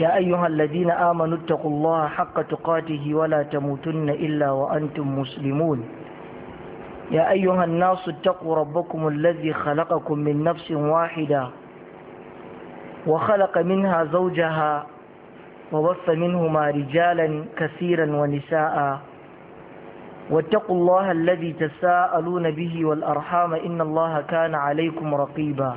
يا أيها الذين آمنوا اتقوا الله حق تقاته ولا تموتن إلا وأنتم مسلمون يا أيها الناس اتقوا ربكم الذي خلقكم من نفس واحدة وخلق منها زوجها ووف منهما رجالا كثيرا ونساء واتقوا الله الذي تساءلون به والأرحام إن الله كان عليكم رقيباً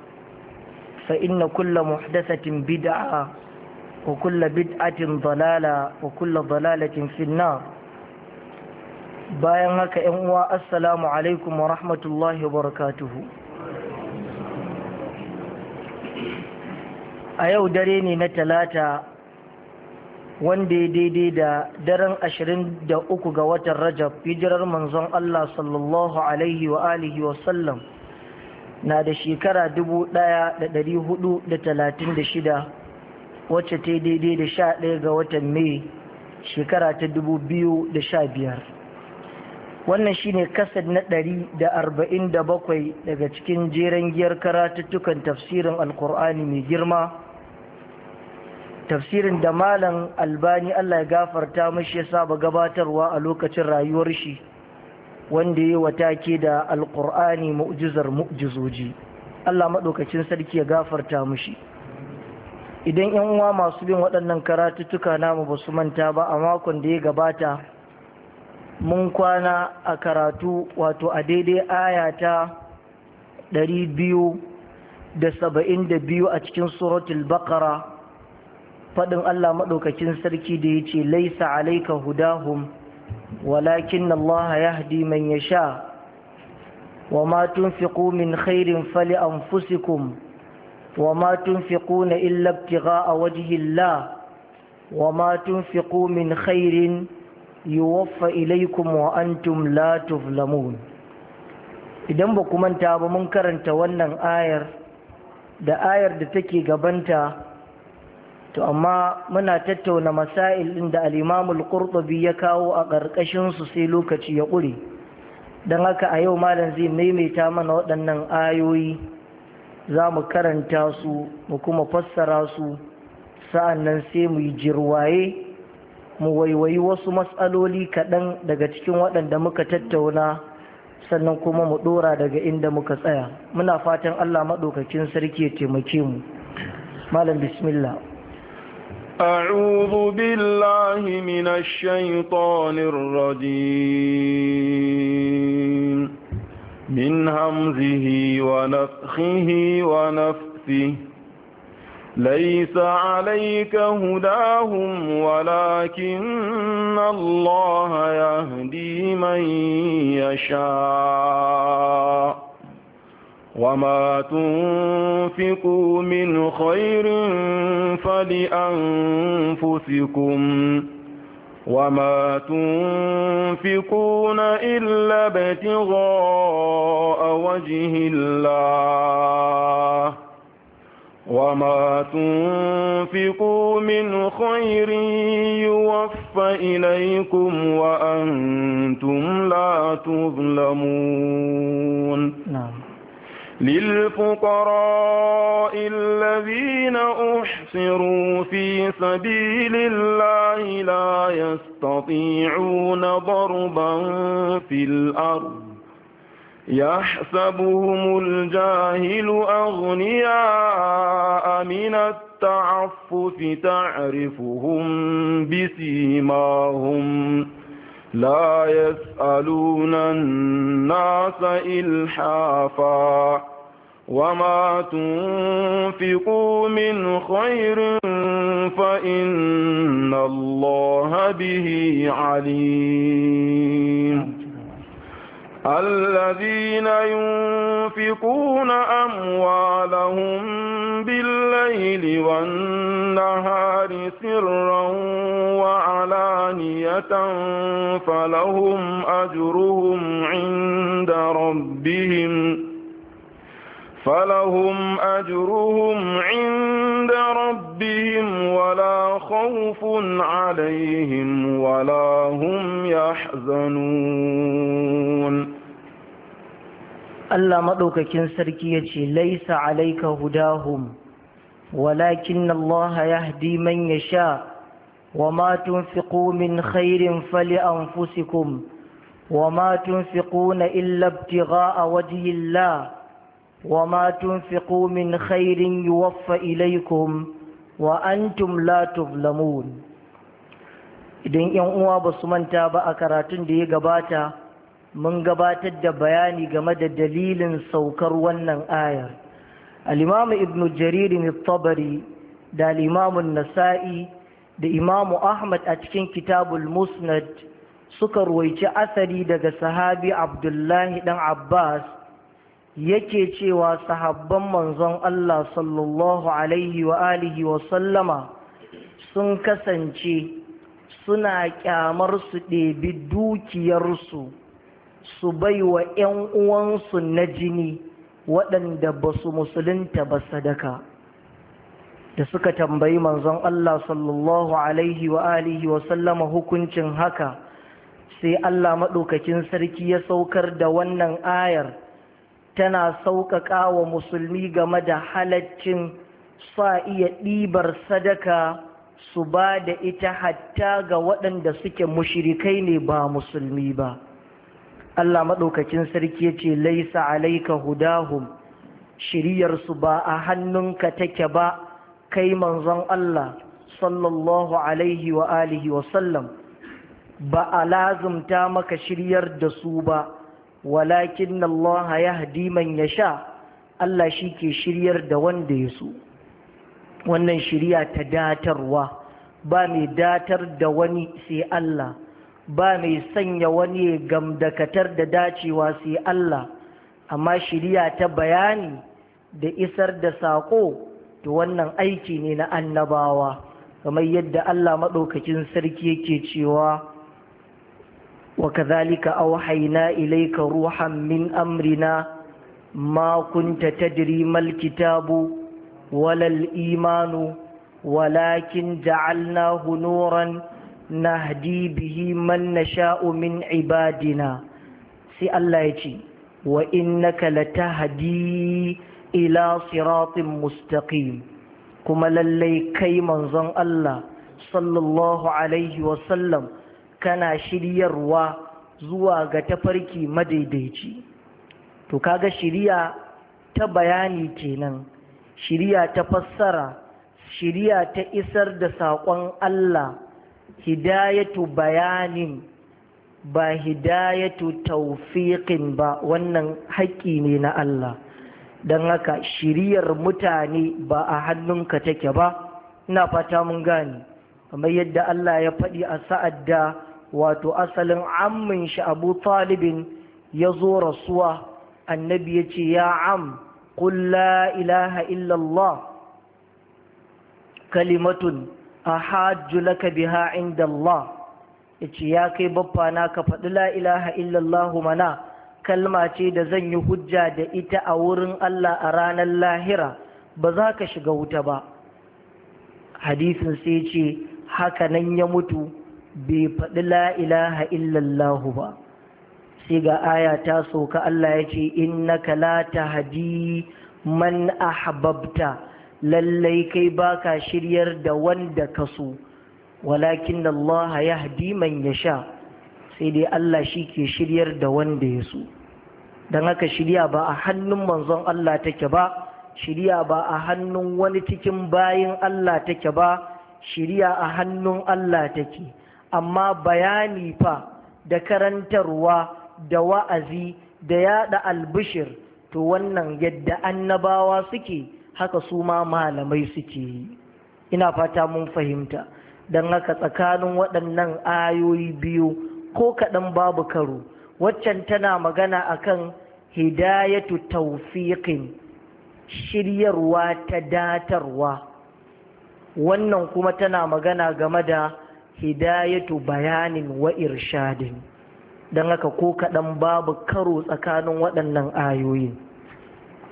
فإن كل محدثة بدعة وكل بدعة ضلالة وكل ضلالة في النار bayan haka ‘yan uwa asalamu alaikum wa rahmatullahi wa a yau dare ne na talata wanda ya daidai da daren ashirin da uku ga watan rajab hijirar manzon Allah sallallahu na da shekara dubu ɗaya da ɗari hudu da talatin da shida wacce ta daidai da sha ɗaya ga watan mai shekara ta dubu biyu da sha biyar wannan shine kasad na ɗari da arba'in da bakwai daga cikin jeren giyar karatuttukan tafsirin alkur'ani mai girma tafsirin da malam albani allah ya gafarta mashi ya saba gabatarwa a lokacin rayuwar shi wanda ya watake da alkur'ani mu'jizar mu'jizoji Allah maɗaukacin sarki ya gafarta mushi idan yan uwa masu bin waɗannan karatuttuka namu ba su manta ba a makon da ya gabata mun kwana a karatu wato a daidai aya ta biyu a cikin suratul bakara faɗin Allah maɗaukacin sarki da ya ce laisa alaika hudahum ولكن الله يهدي من يشاء وما تنفقوا من خير فلأنفسكم وما تنفقون إلا ابتغاء وجه الله وما تنفقوا من خير يوفى إليكم وأنتم لا تظلمون idan ba ku manta ba mun karanta wannan ayar da ayar da take gabanta to amma muna tattauna masail ɗin da al'imamul ƙurɗubi ya kawo a su sai lokaci ya ƙure don haka a yau malam zai maimaita mana waɗannan ayoyi za mu karanta su mu kuma fassara su sa'an nan sai mu yi jirwaye mu waiwayi wasu matsaloli kaɗan daga cikin waɗanda muka tattauna sannan kuma mu ɗora daga inda muka tsaya muna fatan allah maɗaukakin sarki ya taimake mu malam bismillah أعوذ بالله من الشيطان الرجيم من همزه ونفخه ونفثه ليس عليك هداهم ولكن الله يهدي من يشاء وما تنفقوا من خير فلأنفسكم وما تنفقون إلا ابتغاء وجه الله وما تنفقوا من خير يوفى إليكم وأنتم لا تظلمون نعم للفقراء الذين أحصروا في سبيل الله لا يستطيعون ضربا في الأرض يحسبهم الجاهل أغنياء من التعفف تعرفهم بسيماهم لا يسألون الناس إلحافا وما تنفقوا من خير فإن الله به عليم الذين ينفقون أموالهم بالليل والنهار سرا وعلانية فلهم أجرهم عند ربهم فلهم أجرهم عند ربهم ولا خوف عليهم ولا هم يحزنون الله مدوك كنسركية ليس عليك هداهم ولكن الله يهدي من يشاء وما تنفقوا من خير فلأنفسكم وما تنفقون إلا ابتغاء وجه الله وما تنفقوا من خير يوفى إليكم وأنتم لا تظلمون idan yan uwa ba su manta ba a karatun da ya gabata mun gabatar da bayani game da dalilin saukar wannan ayar al-imamu ibnu jarir tabari da al-imamu nasa'i da imamu ahmad a cikin kitabul musnad suka ruwaici asali daga sahabi abdullahi dan abbas yake cewa sahabban manzon Allah sallallahu alaihi wa alihi wa sallama sun kasance suna kyamar su ɗebi dukiyarsu su bai wa 'yan uwansu na jini waɗanda ba su musulunta ba sadaka da suka tambayi manzon Allah sallallahu alaihi wa alihi wa sallama hukuncin haka sai Allah maɗaukakin sarki ya saukar da wannan ayar tana sauƙaƙa wa musulmi game da halaccin sa iya ɗibar sadaka su ba da ita hatta ga waɗanda suke mushirikai ne ba musulmi ba Allah maɗaukacin sarki ya ce laisa alaika hudahum shiriyarsu ba a hannunka take ba kai manzon Allah sallallahu alaihi wa alihi wa sallam ba a lazumta maka shiryar da su ba walakin Allah yahdi man sha, Allah shi ke shiryar da wanda ya so wannan shirya ta datarwa ba mai datar da wani sai Allah ba mai sanya wani ya gamdakatar da dacewa sai Allah amma shirya ta bayani da isar da saƙo to wannan aiki ne na annabawa kamar yadda Allah maɗaukakin sarki yake cewa وكذلك أوحينا إليك روحا من أمرنا ما كنت تدري ما الكتاب ولا الإيمان ولكن جعلناه نورا نهدي به من نشاء من عبادنا سي الله يجي وإنك لتهدي إلى صراط مستقيم كما للي كي منظن الله صلى الله عليه وسلم kana shiryarwa zuwa ga tafarki madaidaici to kaga shirya ta bayani kenan shirya ta fassara shiriya ta isar da saƙon Allah hidayatu bayanin ba hidayatu taufiƙin ba wannan haƙƙi ne na Allah don haka shiryar mutane ba a hannunka take ba ina fata mun gane kamar yadda Allah ya faɗi a sa'ad da wato asalin ammin shi abu talibin ya zo rasuwa annabi ya ce ya am qul ilaha illallah kalimatun ahajju laka biha inda Allah yace ya kai baffa na ka faɗi la ilaha illallah mana kalma ce da zan yi hujja da ita a wurin Allah a ranar lahira ba za ka shiga wuta ba hadisin sai ce haka nan ya mutu bai faɗi la ilaha illallahu ba sai ga aya ta soka Allah ya ce innaka la tahdi man ahbabta lallai kai baka shiryar da wanda ka so walakin Allah yahdi man sha, sai dai Allah shi ke shiryar da wanda ya so don haka shirya ba a hannun manzon Allah take ba shirya ba a hannun wani cikin bayin Allah take ba shirya a hannun Allah take amma bayani fa da karantarwa da wa'azi da yada albishir to wannan yadda annabawa suke haka su ma malamai suke yi ina fata mun fahimta don haka tsakanin waɗannan ayoyi biyu ko kaɗan babu karo waccan tana magana akan hidayatu taufiƙin shiryarwa ta datarwa wannan kuma tana magana game da hidayatu bayanin wa irshadin don haka ko kaɗan babu karo tsakanin waɗannan ayoyin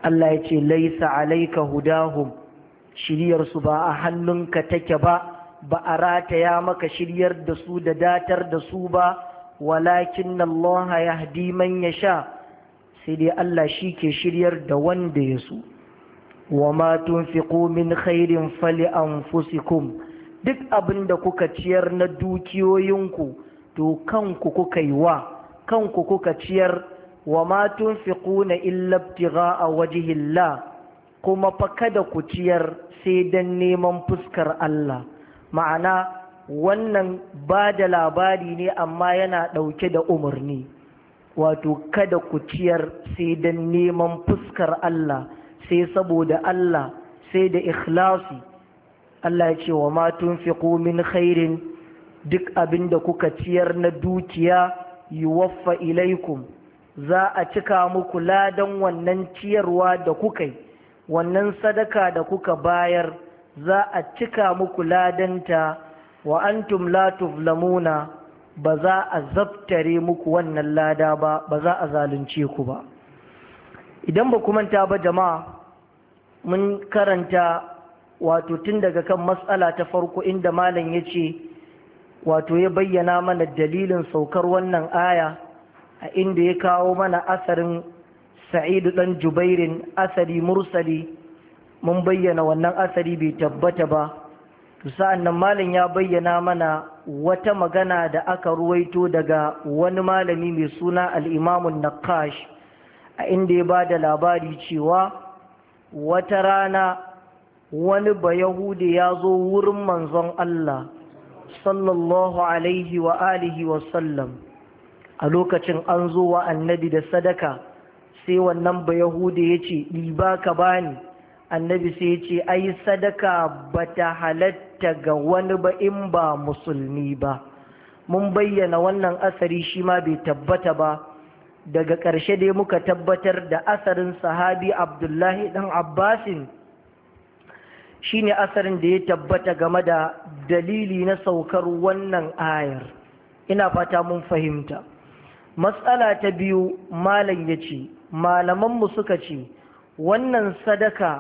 Allah ya ce laisa alaika hudahum shiryarsu ba a hannunka take ba ba a rataya maka shiryar da su da datar da su ba walakin Allah ya hadi man ya sha sai dai Allah shi ke shiryar da wanda ya so wa ma tunfiqu min khairin fali anfusikum duk abin da kuka ciyar na dukiyoyinku to kanku kuka yi wa kanku kuka ciyar wa matun ma tunfiquna illa ibtigha'a wajhillah kuma fa kada ku ciyar sai dan neman fuskar Allah ma'ana wannan ba da labari ne amma yana ɗauke da umarni wato kada ku ciyar sai dan neman fuskar Allah sai saboda Allah sai da ikhlasi Allah ya ce wa matun tunfiqu min khairin duk abin da kuka ciyar na dukiya yuwaffa ilaikum za a cika muku ladan wannan ciyarwa da kuka yi wannan sadaka da kuka bayar za a cika muku ladanta wa antum la ba za a zabtare muku wannan lada ba ba za a zalunce ku ba idan ba ku manta ba jama'a mun karanta wato tun daga kan matsala ta farko inda malam ya ce wato ya bayyana mana dalilin saukar wannan aya a inda ya kawo mana asarin sa'idu ɗan jubairin asari mursali mun bayyana wannan asari bai tabbata ba sa'an nan Malam ya bayyana mana wata magana da aka ruwaito daga wani malami mai suna al'imamun naqash, a inda ya ba da labari cewa wata rana wani ba yahudi ya zo wurin manzon Allah sallallahu alaihi wa alihi wa a lokacin an zo wa annabi da sadaka sai wannan ba yahudi ya ce ɗiba ka bani annabi sai ya ce ai sadaka ba ta halatta ga wani ba in ba musulmi ba mun bayyana wannan asari shi ma bai tabbata ba daga ƙarshe dai muka tabbatar da asarin sahabi abdullahi ɗan abbasin shine asarin da ya tabbata game da dalili na saukar wannan ayar ina fata mun fahimta matsala ta biyu malam ya ce malamanmu suka ce wannan sadaka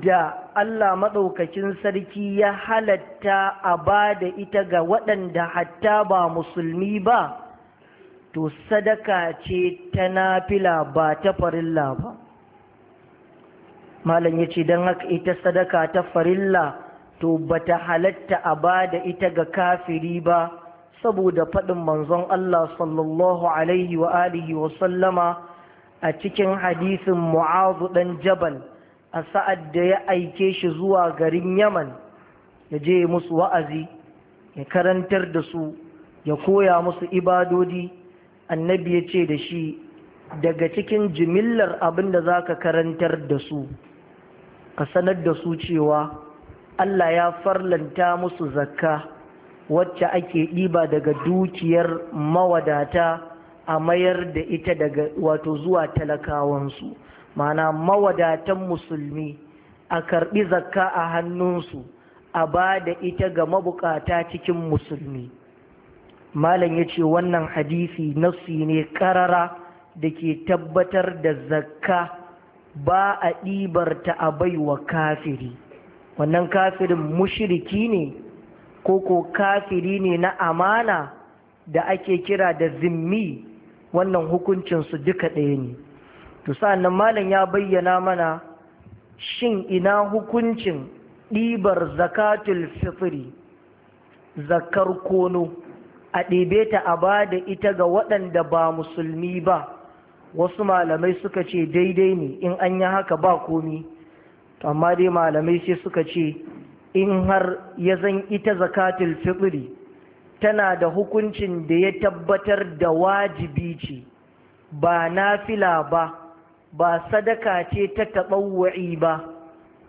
da Allah maɗaukakin sarki ya halatta a ba da ita ga waɗanda hatta ba musulmi ba to sadaka ce ta nafila ba ta farilla ba malam ya ce don haka ita sadaka ta farilla to bata halatta a ba da ita ga kafiri ba saboda faɗin manzon Allah sallallahu alaihi wa alihi wa sallama a cikin hadisin mu'azu ɗan jabal a sa'ad da ya aike shi zuwa garin yaman ya je musu wa'azi ya karantar da su ya koya musu ibadodi annabi ya ce da shi daga cikin jimillar abin da za ka karantar da su ka sanar da su cewa Allah ya farlanta musu zakka wacce ake ɗiba daga dukiyar mawadata a mayar da ita daga wato zuwa talakawansu mana mawadatan musulmi a karɓi zakka a hannunsu a ba da ita ga mabukata cikin musulmi malam ya ce wannan hadisi nasi ne karara da ke tabbatar da zakka ba a ɗibar ta a baiwa kafiri wannan kafirin mushiriki ne ko ko kafiri ne na amana da ake kira da zimmi wannan hukuncinsu duka ɗaya ne to sa'annan malam ya bayyana mana shin ina hukuncin ɗibar zakatul fitri zakar kono a ɗebe ta a ba da ita ga waɗanda ba musulmi ba wasu malamai suka ce daidai ne in an yi haka ba komi amma dai malamai sai suka ce in har ya zan ita zakatul fitri tana da hukuncin da ya tabbatar da wajibi ce ba nafila ba ba sadaka ce ta taɓawwa'i ba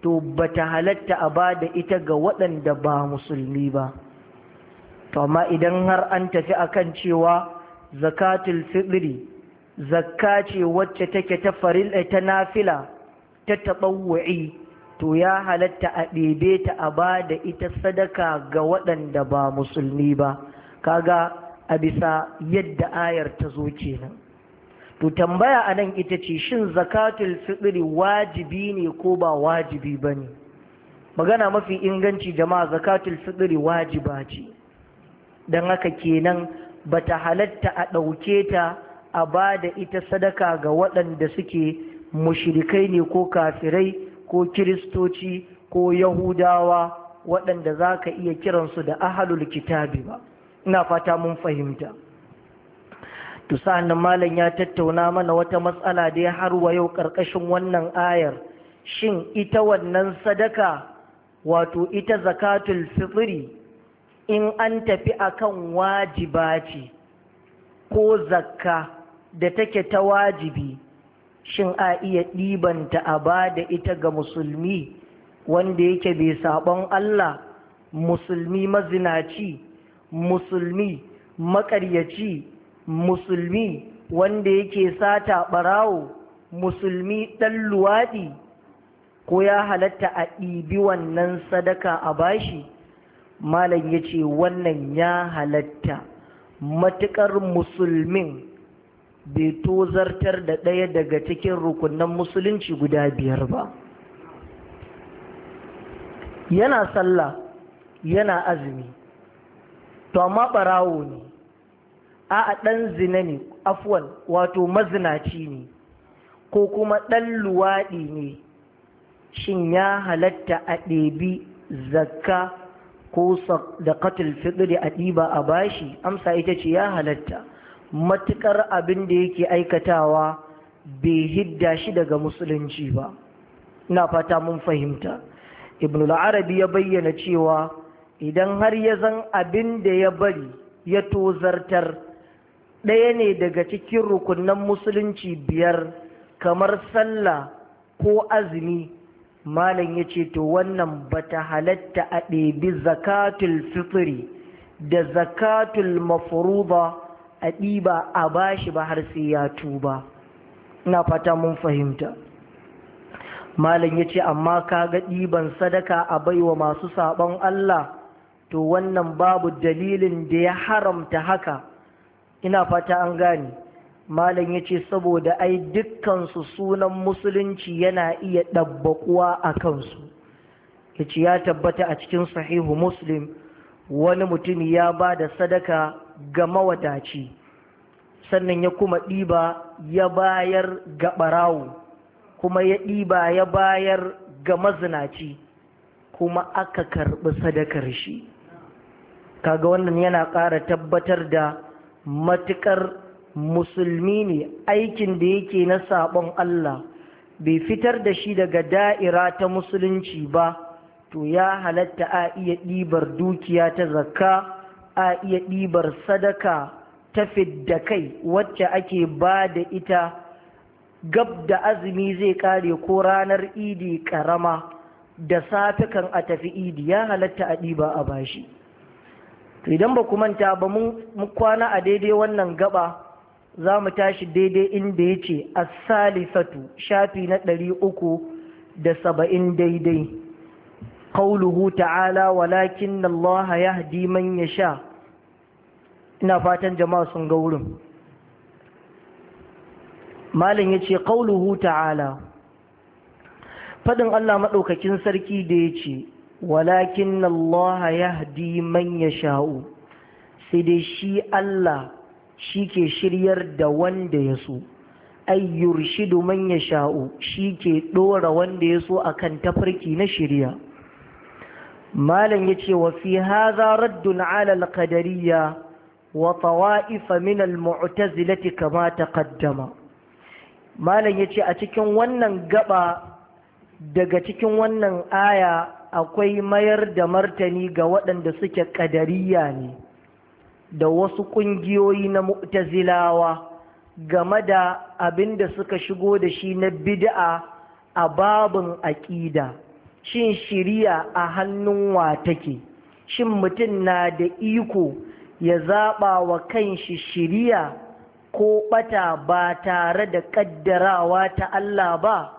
to ba ta halatta a bada ita ga waɗanda ba musulmi ba to amma idan har an tafi akan cewa zakatul fitri zakka ce wacce take ta farilla eh, ta nafila ta taɓawwa'i to ya halatta a ɗebe ta a ba da ita sadaka ga waɗanda ba musulmi ba kaga a bisa yadda ayar ta zo kenan to tambaya a nan ita ce shin zakatul fitri wajibi ne ko ba wajibi ba ne magana mafi inganci jama'a zakatul fitri wajiba ce don haka kenan bata halatta a ɗauke ta a ba da ita sadaka ga waɗanda suke mushirikai ne ko kafirai ko kiristoci ko yahudawa waɗanda za ka iya kiransu da ahalul kitabi ba ina fata mun fahimta to sa'annan malam ya tattauna mana wata matsala da ya harwa yau ƙarƙashin wannan ayar shin ita wannan sadaka wato ita zakatul fitri in an tafi akan wajiba ce ko zakka da take ta wajibi shin a iya ɗibanta a ba da ita ga musulmi wanda yake bai saɓon Allah musulmi mazinaci musulmi maƙaryaci musulmi wanda yake sata ɓarawo musulmi ɗan luwaɗi ko ya halatta a ɗibi wannan sadaka a bashi malam ya ce wannan ya halatta matuƙar musulmin bai tozartar da ɗaya daga cikin rukunan musulunci guda biyar ba yana sallah yana azumi to amma ɓarawo ne a ɗan zina ne afwan wato mazinaci ne ko kuma ɗan luwaɗi ne shin ya halatta a ɗebi zakka ko da katil fiɗiri a ɗiba a bashi amsa ita ce ya halatta matuƙar abin da yake aikatawa bai hidda shi daga musulunci ba na fata mun fahimta ibn arabi ya bayyana cewa idan har ya zan abin da ya bari ya tozartar ɗaya ne daga cikin rukunan musulunci biyar kamar sallah ko azumi malam ya ce to wannan bata halatta a ɗebi zakatul fitri da zakatul mafuruba a ɗiba a bashi ba har sai ya tuba ina fata mun fahimta malam ya ce amma ka ga ɗiban sadaka a baiwa masu saɓon Allah to wannan babu dalilin da ya haramta haka ina fata an gane malam ya ce saboda ai dukkansu sunan musulunci yana iya ɗabbaƙuwa a kansu ya ce ya tabbata a cikin sahihu muslim wani mutum ya ba da sadaka ga mawadaci sannan ya kuma ɗiba ya bayar ga ɓarawo kuma ya ɗiba ya bayar ga mazinaci kuma aka karɓi sadakar shi kaga wannan yana ƙara tabbatar da matuƙar musulmi ne aikin da yake na saɓon Allah bai fitar da shi daga da'ira ta musulunci ba to ya halatta a iya ɗibar dukiya ta zakka a iya ɗibar sadaka ta fidda kai wacce ake ba da ita gab da azumi zai kare ko ranar idi ƙarama da safe kan a tafi idi ya halatta a ɗiba a bashi idan ba ku manta ba mu kwana a daidai wannan gaba za mu tashi daidai inda ya ce a salisatu shafi na ɗari uku da saba'in daidai قوله walakin ولكن الله man ya sha. ina fatan jama'a sun ga wurin malin ya ce ƙauluhu ta'ala faɗin Allah maɗaukakin sarki da ya ce walakin Allah ya haɗi manya sha'u sai dai shi Allah shi ke shiryar da wanda ya so ayyur shidu domin ya sha'u shi ke ɗora wanda ya so a kan tafarki na shirya malin ya ce wa fi haza raddun alal ƙadariya Wa وطوائف min al كما kama malam ya ce a cikin wannan gaba daga cikin wannan aya akwai mayar da martani ga waɗanda suke ƙadariya ne da wasu ƙungiyoyi na mu'tazilawa game da abinda suka shigo da shi na bid'a a babin aƙida shin shiriya a hannun wa take shin mutum na da iko ya zaɓa wa kanshi shiriya ko ɓata ba tare da ƙaddarawa ta Allah ba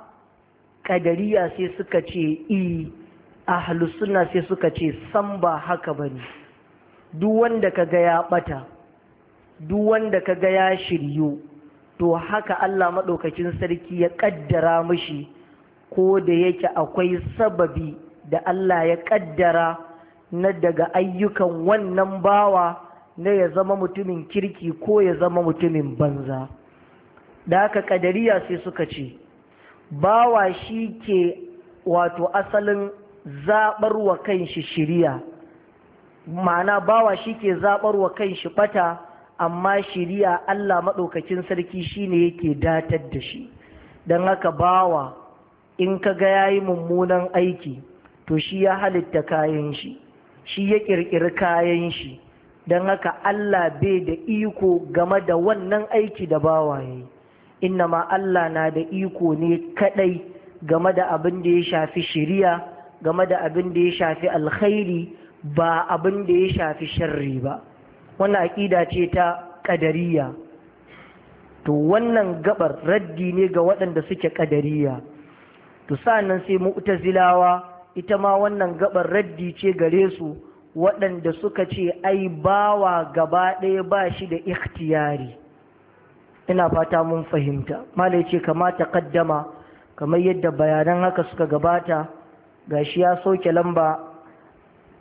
ƙadariya sai suka ce i a halussuna sai suka ce san ba haka ba ne, duk wanda ga ya ɓata duk wanda ga ya shiryu to haka Allah maɗaukacin sarki ya ƙaddara mishi ko da yake akwai sababi da Allah ya ƙaddara na daga ayyukan wannan bawa na ya zama mutumin kirki ko ya zama mutumin banza da haka kadariya sai suka ce bawa shi ke wato asalin zaɓar wa kanshi shiriya ma'ana bawa shi ke zaɓar wa kanshi ɓata amma shiriya Allah maɗaukakin sarki shine yake datar da shi don haka bawa in ka ga yayi mummunan aiki to shi ya halitta kayan shi shi ya ƙirƙiri kayan shi don haka Allah bai da iko game da wannan aiki da bawaye ma Allah na da iko ne kadai game da abin da ya shafi shiriya game da abin da ya shafi alkhairi ba abin da ya shafi sharri ba wannan aƙida ce ta ƙadariya to wannan gabar raddi ne ga waɗanda suke ƙadariya to sa'annan sai mu'tazilawa ita ma wannan gabar raddi ce gare su waɗanda suka ce ai bawa gaba ɗaya ba shi da ikhtiyari ina fata mun fahimta malai ce kamata kaddama kamar yadda bayanan haka suka gabata ga shi ya soke lamba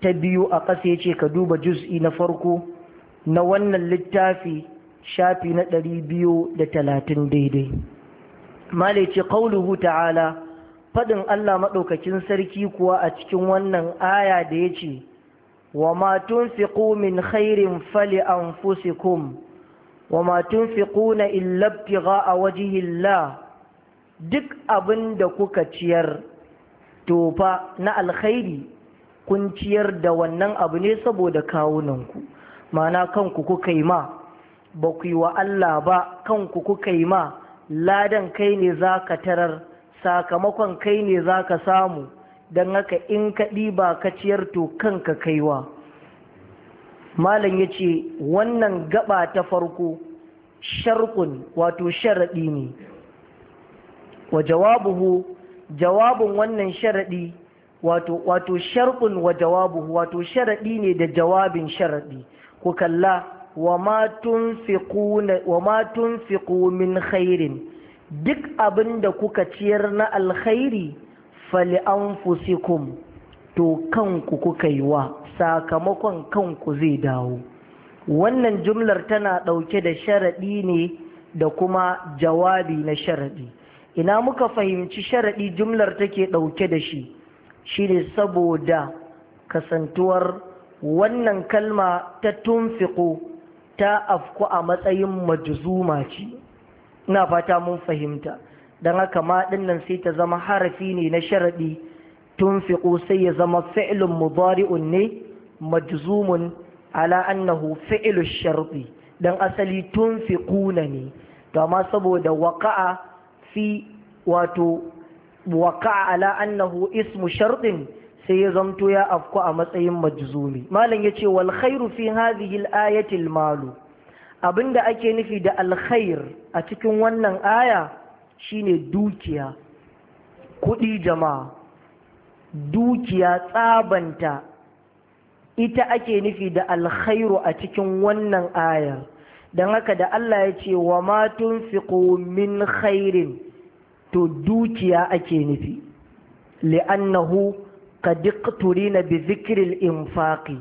ta biyu a ƙasa ya ce ka duba juz'i na farko na wannan littafi shafi na ɗari biyu da talatin daidai malai ce ƙaunuhu ta'ala faɗin allah maɗaukakin sarki kuwa a cikin wannan aya da ya ce وما تنفقوا من خير فلأنفسكم وما تنفقون إلا a وجه الله duk abin da kuka ciyar tofa na alkhairi kun ciyar da wannan abu ne saboda kawunanku mana kanku kuka yi ma ba ku yi wa Allah ba kanku kuka yi ma ladan kai ne za ka tarar sakamakon kai ne za ka samu don haka in ka ɗiba ka ciyar to kanka kaiwa malam ya ce wannan gaba ta farko sharkun wato sharaɗi ne wa jawabuhu jawabin wannan sharaɗi wato wato sharkun wa jawabuhu wato sharaɗi ne da jawabin sharaɗi ku kalla wa ma tun tunfiqu min khairin duk abin da kuka ciyar na alkhairi fali anfusikum to kanku kuka yi wa sakamakon kanku zai dawo wannan jumlar tana ɗauke da sharaɗi ne da kuma jawabi na sharaɗi ina muka fahimci sharaɗi jumlar take ɗauke da shi shi ne saboda kasantuwar wannan kalma ta tunfiƙo ta afku a matsayin majuzuma ce ina fata mun fahimta don haka ma dinnan sai ta zama harafi ne na sharaɗi fiƙo sai ya zama fi'ilun mubari'un ne majzumun ala annahu fi'lu sharti dan asali fiƙuna ne to amma saboda waqa'a fi wato waka'a ala annahu ismu shartin sai ya zamto ya afku a matsayin majzumi malam yace wal khairu fi hadhihi al ayati al malu abinda ake nufi da alkhair a cikin wannan aya shine dukiya kuɗi jama'a dukiya tsabanta ita ake nufi da alkhairu a cikin wannan ayar don haka da Allah ya ce wa matun min khairin to dukiya ake nufi li'annahu ka na bi zikirin infaki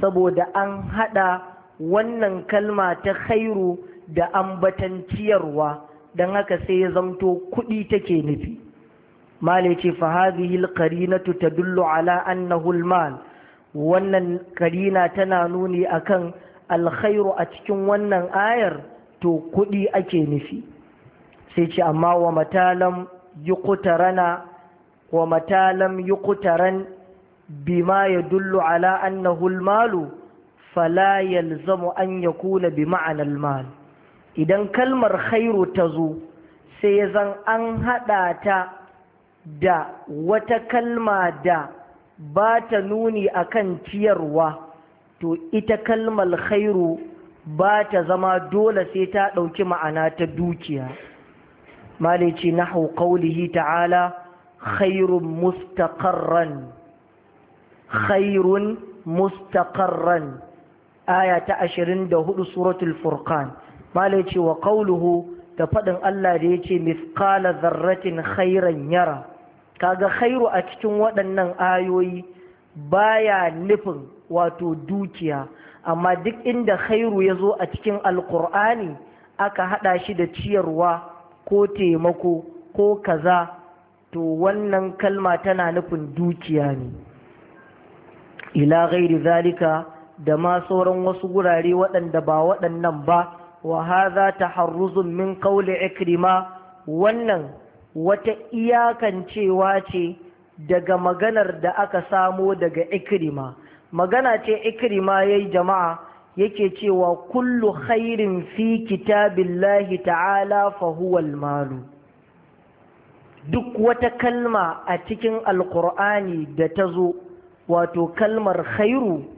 saboda an haɗa wannan kalma ta khairu da ambatanciyarwa don haka sai ya zamto kuɗi take nufi male ce fahazihi alqarinatu tadullu ala annahu almal wannan karina tana nuni akan alkhairu a cikin wannan ayar to kuɗi ake nufi sai ce amma wa matalam kutarana wa matalam yuqtaran bima yadullu ala annahu almalu fala yalzamu an yakuna bi ma'anar mal idan kalmar khairu ta zo sai zan an haɗa ta da wata kalma da ba ta nuni a kan ciyarwa to ita kalmar khairu ba ta zama dole sai ta ɗauki ma'ana ta dukiya malici nahu qaulihi ta'ala khairun mustaqarran khairun mustaqarran aya ta 24 suratul furqan malai ce wa qauluhu da faɗin Allah da ya yace miskala zarratin khairan yara kaga khairu a cikin waɗannan ayoyi baya nufin wato dukiya amma duk inda khairu ya zo a cikin alkur'ani aka haɗa shi da ciyarwa ko taimako ko kaza to wannan kalma tana nufin dukiya ne ila ghairi zalika da ma sauran wasu gurare waɗanda ba waɗannan ba wa haza taharruzun min qawli ikrima wannan wata iyakancewa ce daga maganar da aka samo daga ikrima magana ce ikrima yayi jama'a yake cewa kullu khairin fi kitabillahi ta'ala fa huwa duk wata kalma a cikin Alƙur'ani da ta zo wato kalmar khairu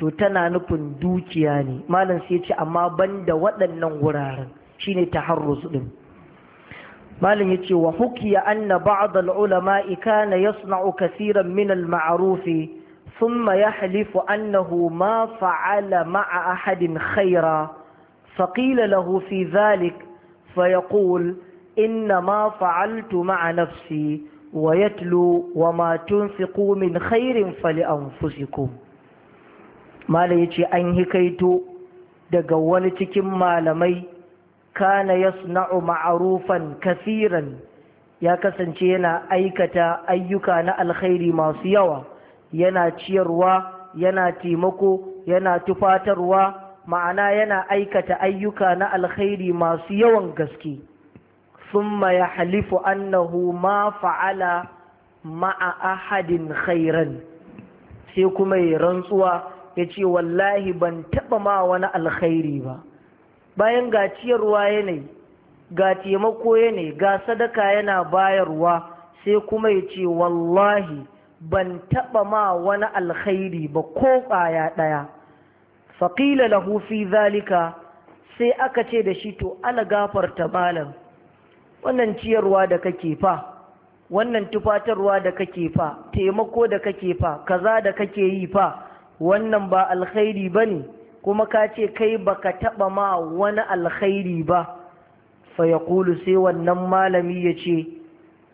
to tana nufin dukiya ne malam sai ce amma banda waɗannan wuraren shine taharrus din malam yace wa hukiya anna ba'd al-ulama kana yasna'u kaseeran min al-ma'ruf thumma yahlifu annahu ma fa'ala ma'a ahadin khayra فقيل له في ذلك فيقول إنما فعلت مع نفسي ويتلو وما تنفقوا من خير فلأنفسكم malam ya ce an yi kaito daga wani cikin malamai kana yasna'u ma'arufan kasiran ya kasance yana aikata ayyuka na alkhairi masu yawa yana ciyarwa yana taimako yana tufatarwa ma'ana yana aikata ayyuka na alkhairi masu yawan gaske summa ya halifu annahu ma fa'ala ma'a ahadin khairan sai kuma ya rantsuwa ya ce wallahi ban taɓa ma wani alkhairi ba bayan ga ciyarwa yanayi ga taimako yanayi ga sadaka yana bayarwa sai kuma ya ce wallahi ban taɓa ma wani alkhairi ba ko ɓaya ɗaya faƙila lahu fi zalika sai aka ce da shi to ala gafarta malam wannan ciyarwa da kake fa wannan tufatarwa da kake fa taimako da kake fa kaza da kake yi fa wannan ba alkhairi ba ne kuma ka ce kai ba ka taɓa ma wani alkhairi ba fa ya sai wannan malami ya ce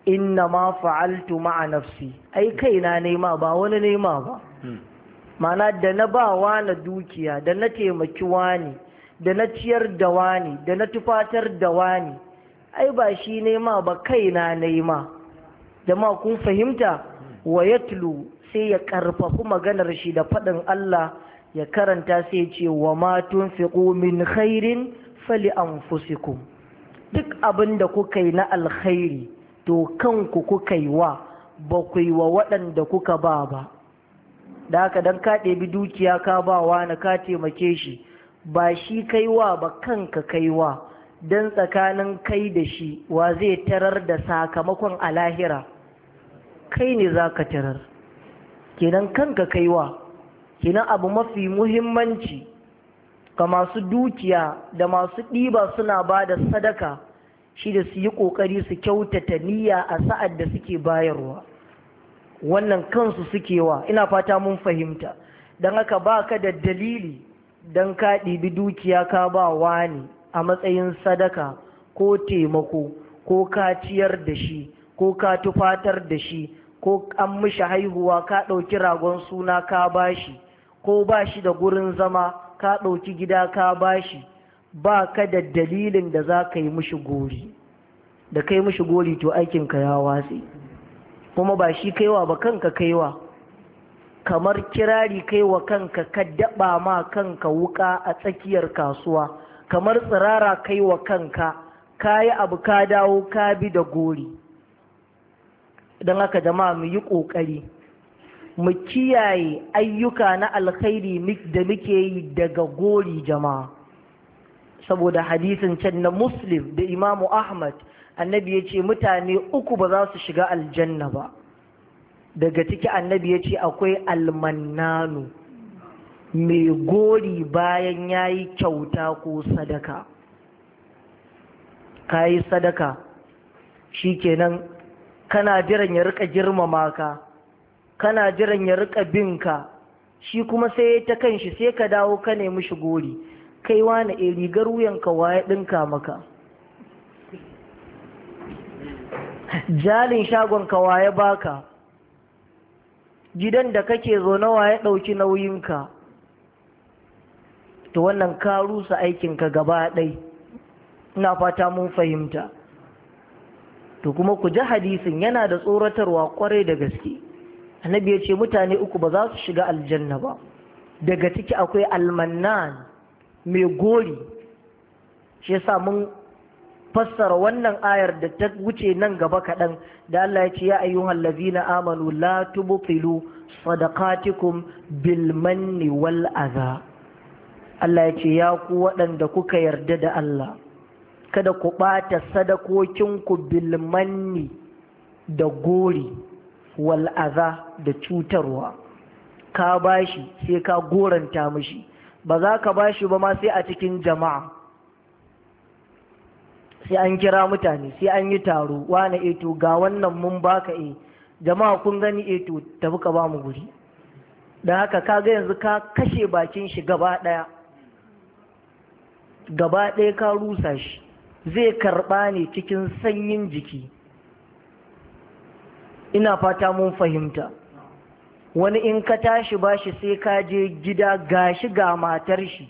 inna ma fa'altu ma'a nafsi ai kaina nema ba wani nema ba mana hmm. da na ba wani dukiya da na taimaki wani da na ciyar da wani da na tufatar da wani ai ba shi nema ba kaina nema da ma kun fahimta hmm. wa yatlu sai ya ƙarfafi maganar shi da faɗin Allah ya karanta sai ce wa matun tunfiqu min khairin fali anfusikum duk abin da kuka yi na alkhairi to kanku kuka yi wa ba ku yi wa waɗanda kuka ba ba da haka don ka ɗebi dukiya ka ba na ka taimake shi ba shi kai wa ba kanka wa don tsakanin kai da shi wa zai tarar da sakamakon alahira? kai ne za ka tarar kenan kanka kaiwa kenan abu mafi muhimmanci ga masu dukiya da masu ɗiba suna ba da sadaka shi da su yi ƙoƙari su kyautata niyya a sa'ad da suke bayarwa wannan kansu suke wa ina fata mun fahimta don haka ba ka da dalili don ka ɗibi dukiya ka ba wani a matsayin sadaka ko taimako ko ka ciyar da shi ko ka tufatar da shi ko an mishi haihuwa ka ɗauki ragon suna ka bashi ko ba shi da gurin zama ka ɗauki gida ka bashi ba ka da dalilin da za ka yi mishi gori da kai mishi gori to aikinka ya watsi kuma ba shi kaiwa ba kanka kaiwa kamar kirari kaiwa kanka ka daɓa ma kanka wuka a tsakiyar kasuwa kamar tsirara kaiwa kanka ka yi abu ka dawo ka bi da gori don haka jama'a mu yi ƙoƙari mu kiyaye ayyuka na alkhairi da muke yi daga gori jama'a saboda hadisin can na muslim da imamu ahmad annabi ya ce mutane uku ba za su shiga aljanna ba daga ciki annabi ya ce akwai almannanu mai gori bayan ya yi kyauta ko sadaka ka yi sadaka shi kenan kana jiran ya rika girmama ka kana jiran ya rika bin ka shi kuma sai ya ta kanshi sai ka dawo ka nemi shi gori kai wani eh, rigar wuyanka waye dinka maka jalin shagon ka waye baka gidan da kake zo na waye ɗauki nauyinka to wannan ka rusa aikinka gaba ɗai ina fata mun fahimta to kuma ku ji hadisin yana da tsoratarwa kwarai da gaske annabi ya ce mutane uku ba za su shiga aljanna ba daga ciki akwai almannan mai gori shi yasa mun fassara wannan ayar da ta wuce nan gaba kaɗan da Allah ya ce ya ayyuhal ladzina amanu la tubtilu sadaqatikum bil manni wal Allah ya ce ya ku waɗanda kuka yarda da Allah kada ku ɓata sadakokinku bilmanni da gori wal'aza da cutarwa ka bashi sai ka goranta mashi ba za ka bashi ba ma sai a cikin jama'a sai an kira mutane sai an yi taro wane eto eh ga wannan mun baka e jama'a kun gani eh to tafi ka ba mu guri da haka kaga yanzu ka kashe bakin shi gaba ɗaya gaba ɗaya ka rusa shi zai karɓa ne cikin sanyin jiki ina fata mun fahimta wani in ka tashi ba shi sai ka je gida gashi ga matar shi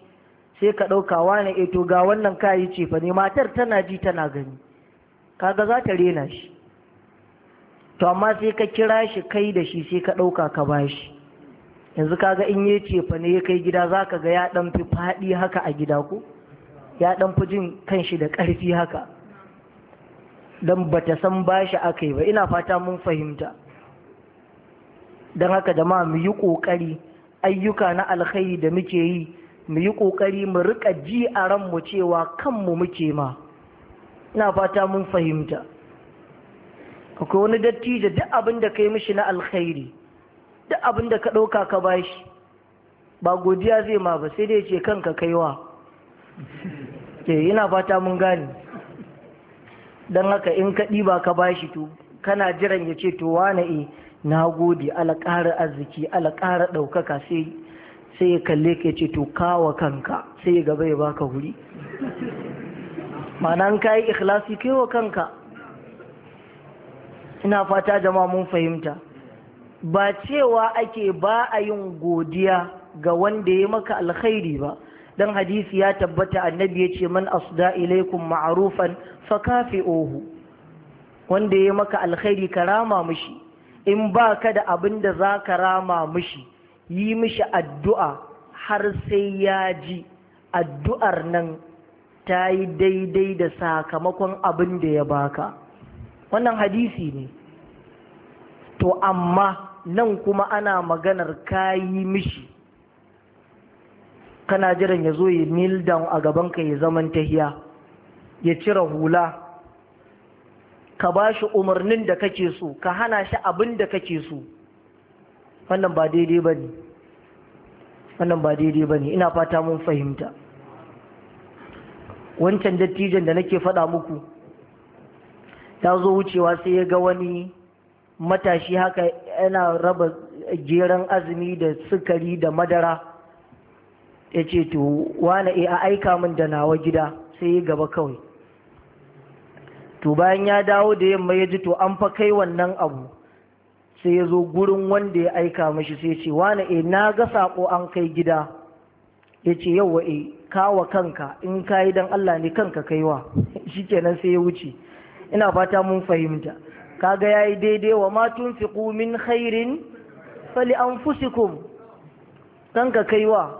sai ka ɗauka wani eto eh, ga wannan kayi cefa ne matar tana ji tana gani kaga za ta rena shi to amma sai ka kira shi kai da shi sai ka ɗauka ka ba shi. yanzu kaga in yi cefa ne ya kai gida za ka ga ya ɗan fi faɗi haka a gida ko? ya ɗan fi jin kanshi da ƙarfi haka don ba ta san bashi aka yi ba ina fata mun fahimta don haka jama'a mu yi ƙoƙari ayyuka na alkhairi da muke yi mu yi ƙoƙari mu riƙa ji a ranmu cewa kanmu muke ma ina fata mun fahimta akwai wani dattijo duk abin da ka yi mishi na alkhairi duk abin da ka ɗauka ka bashi ba godiya zai ma ba sai dai ce kanka kaiwa ke eh, ina fata mun gane don haka in kaɗi ba ka bashi to kana jiran ya ce to wane e na gode ala ƙara arziki ala ƙara ɗaukaka sai ya kalle ka ce to kawo kanka sai ya gaba ya baka wuri ma'ana ka yi ikhlasi kai wa kanka ina fata jama'a mun fahimta ba cewa ake ba a yin godiya ga wanda ya maka alkhairi ba dan hadisi ya tabbata annabi ya ce man asda ilaikum ma'rufan fakafi'uhu wanda ya maka alkhairi ka rama mishi in baka da abin da za ka rama mishi yi mishi addu'a har sai ya ji addu'ar nan ta yi daidai da sakamakon abin da ya baka wannan hadisi ne to amma nan kuma ana maganar kayi mishi kana jiran ya zo ya mil down a gabanka ya zaman tahiya ya cire hula ka ba shi umarnin da kake so ka hana shi abin da kake so wannan ba daidai ba ne wannan ba daidai ba ne ina fata mun fahimta wancan dattijan da nake faɗa muku ta zo wucewa sai ya ga wani matashi haka yana raba geran azumi da sukari da madara ya ce to wane eh, a aika min da nawa gida sai yi gaba kawai to bayan ya dawo da yamma ya ji to an fa kai wannan abu sai ya zo gurin wanda ya aika mashi sai ce wane e na ga sako an kai gida ya ce yauwa e kawa kanka in ka yi don Allah ne kanka kaiwa shi kenan sai ya wuce ina fata mun fahimta kaga ya yi daidai wa matun fiƙu min khairin fali an fusikum kanka kaiwa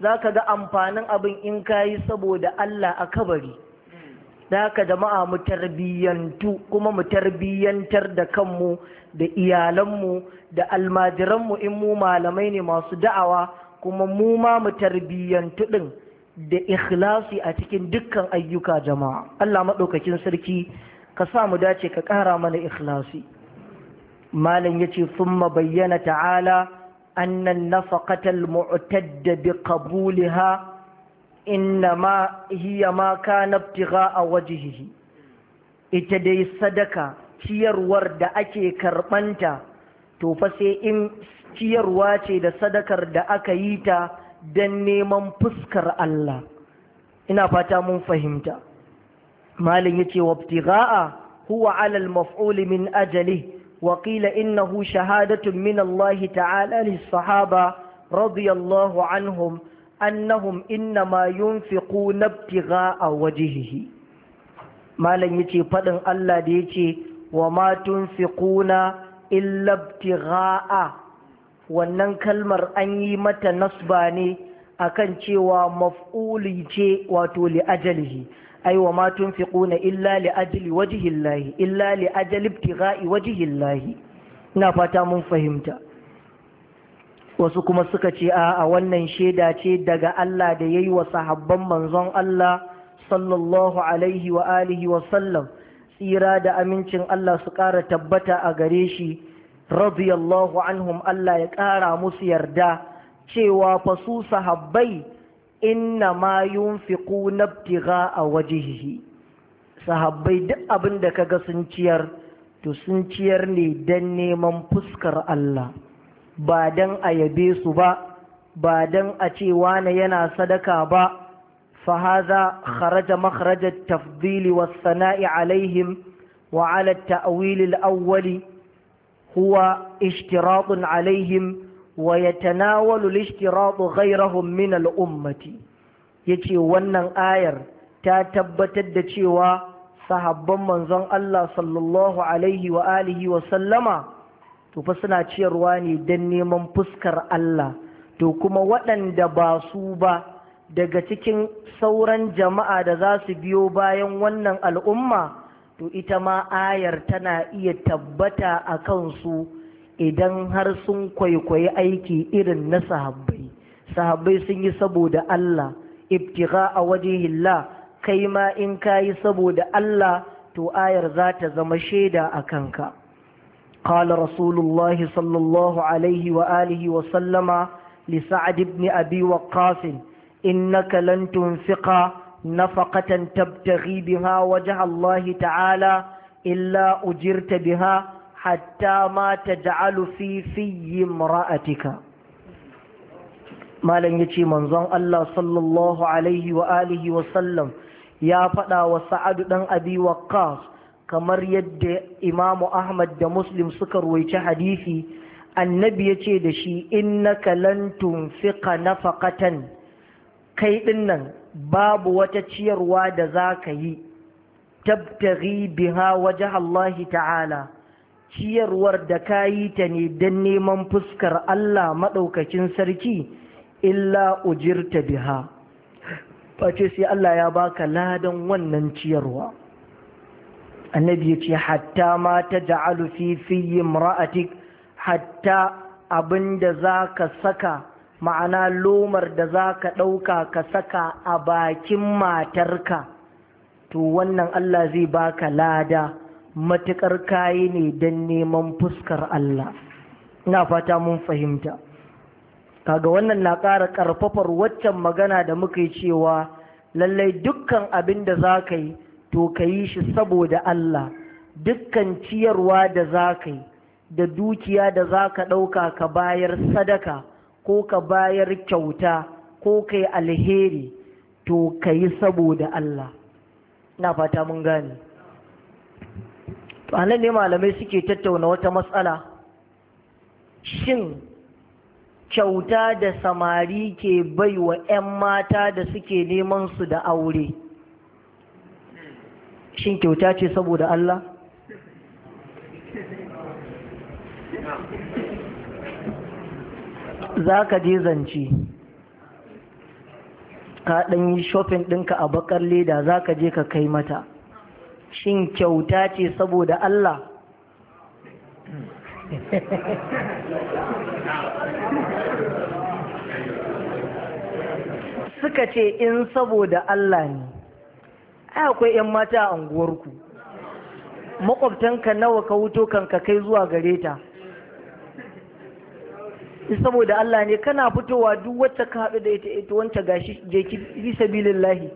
za ka ga amfanin abin in ka yi saboda Allah a kabari Za ka jama'a mu tarbiyyantu kuma mu tarbiyyantar da kanmu da iyalanmu da almajiranmu in mu malamai ne masu da'awa kuma mu ma mu tarbiyyantu ɗin da ikhlasi a cikin dukkan ayyuka jama'a Allah maɗaukakin sarki ka sa mu dace ka ƙara mana ikhlasi malam ya ce sun bayyana ta'ala أن النفقة المعتد بقبولها إنما هي ما كان ابتغاء وجهه إتدي الصدقة ciyarwar da ake karɓanta to fa sai in ciyarwa ce da sadakar da aka yi ta don neman fuskar Allah ina fata mun fahimta malin yace wabtigha'a huwa alal maf'ul min ajali وقيل إنه شهادة من الله تعالى للصحابة رضي الله عنهم أنهم إنما ينفقون ابتغاء وجهه ما لن يتي فدن الله ديتي وما تنفقون إلا ابتغاء wannan kalmar an yi mata nasba ne akan cewa maf'uli ce wato li ajalihi ai wa ma tunfiquna illa li ajli wajhi illa li ajli ibtigha'i wajhi lahi. ina fata mun fahimta wasu kuma suka ce a wannan shaida ce daga Allah da ya yi wa sahabban manzon Allah sallallahu alaihi wa alihi wa sallam tsira da amincin Allah su ƙara tabbata a gare shi radiyallahu anhum Allah ya ƙara musu yarda cewa fasu su sahabbai inna ma yunfiqu nabtigha a wajihi sahabbai duk abin da ga sun ciyar to sun ciyar ne dan neman fuskar Allah ba dan a yabe su ba ba dan a ce wane yana sadaka ba haza kharaja makharaja tafdili was sana'i alaihim wa ala at al-awwali huwa ishtiratun alaihim wa yatanawalu lishtiratu ghayrahum min al-ummati yace wannan ayar ta tabbatar da cewa sahabban manzon Allah sallallahu alaihi wa alihi wa sallama to fa suna ciyarwa ne dan neman fuskar Allah to kuma waɗanda ba su ba daga cikin sauran jama'a da za su biyo bayan wannan al'umma to ita ma ayar tana iya tabbata a kansu idan har sun kwaikwayi aiki irin na sahabbai sahabbai sun yi saboda Allah ibtiga a wajihillah kai ma in kayi saboda Allah to ayar za ta zama shaida a kanka قال رسول الله صلى الله عليه وآله وسلم لسعد بن أبي وقاص إنك لن تنفق نفقة تبتغي بها وجه الله تعالى إلا أجرت بها hatta ma taj'alu fi fi imra'atika malam yace manzon Allah sallallahu alaihi wa alihi wa sallam ya faɗa wa Sa'adu ɗan Abi Waqqas kamar yadda Imam'u Ahmad da Muslim suka ruwaici hadisi annabi yace da shi innaka lan tunfiqa nafaqatan kai dinnan babu wata ciyarwa da zaka yi tabtaghi biha wajha Allah ta'ala ciyarwar da ka yi ta ne don neman fuskar Allah maɗaukacin sarki illa ujirta biha face sai Allah ya baka ladan wannan ciyarwa annabi ya ce hatta ma ta ja'alu fi fiye ra'atik hatta abinda za ka saka ma'ana lomar da za ka ɗauka ka saka a bakin matarka to wannan Allah zai baka lada Matukar kayi ne don neman fuskar Allah ina fata mun fahimta kaga wannan na ƙara ƙarfafar waccan magana da muka yi cewa lallai dukkan abin da za ka yi to ka yi shi saboda Allah dukkan ciyarwa da za ka yi da dukiya da za ka ɗauka ka bayar sadaka ko ka bayar kyauta ko ka yi alheri to ka yi saboda Allah na fata mun gane to anan ne malamai suke tattauna wata matsala shin kyauta da samari ke bai wa 'yan mata da suke neman su da aure shin kyauta ce saboda Allah za ka je zance ka ɗanyi yi shopping ɗinka a bakar leda za ka je ka kai mata shin kyauta ce saboda Allah suka ce in saboda Allah ne ai akwai 'yan mata a unguwarku makwabtanka nawa ka wuto kanka kai zuwa gare ta saboda Allah ne kana fitowa duk wacce ka haɗu da ita ita wancan gashi je ki bisa lahi?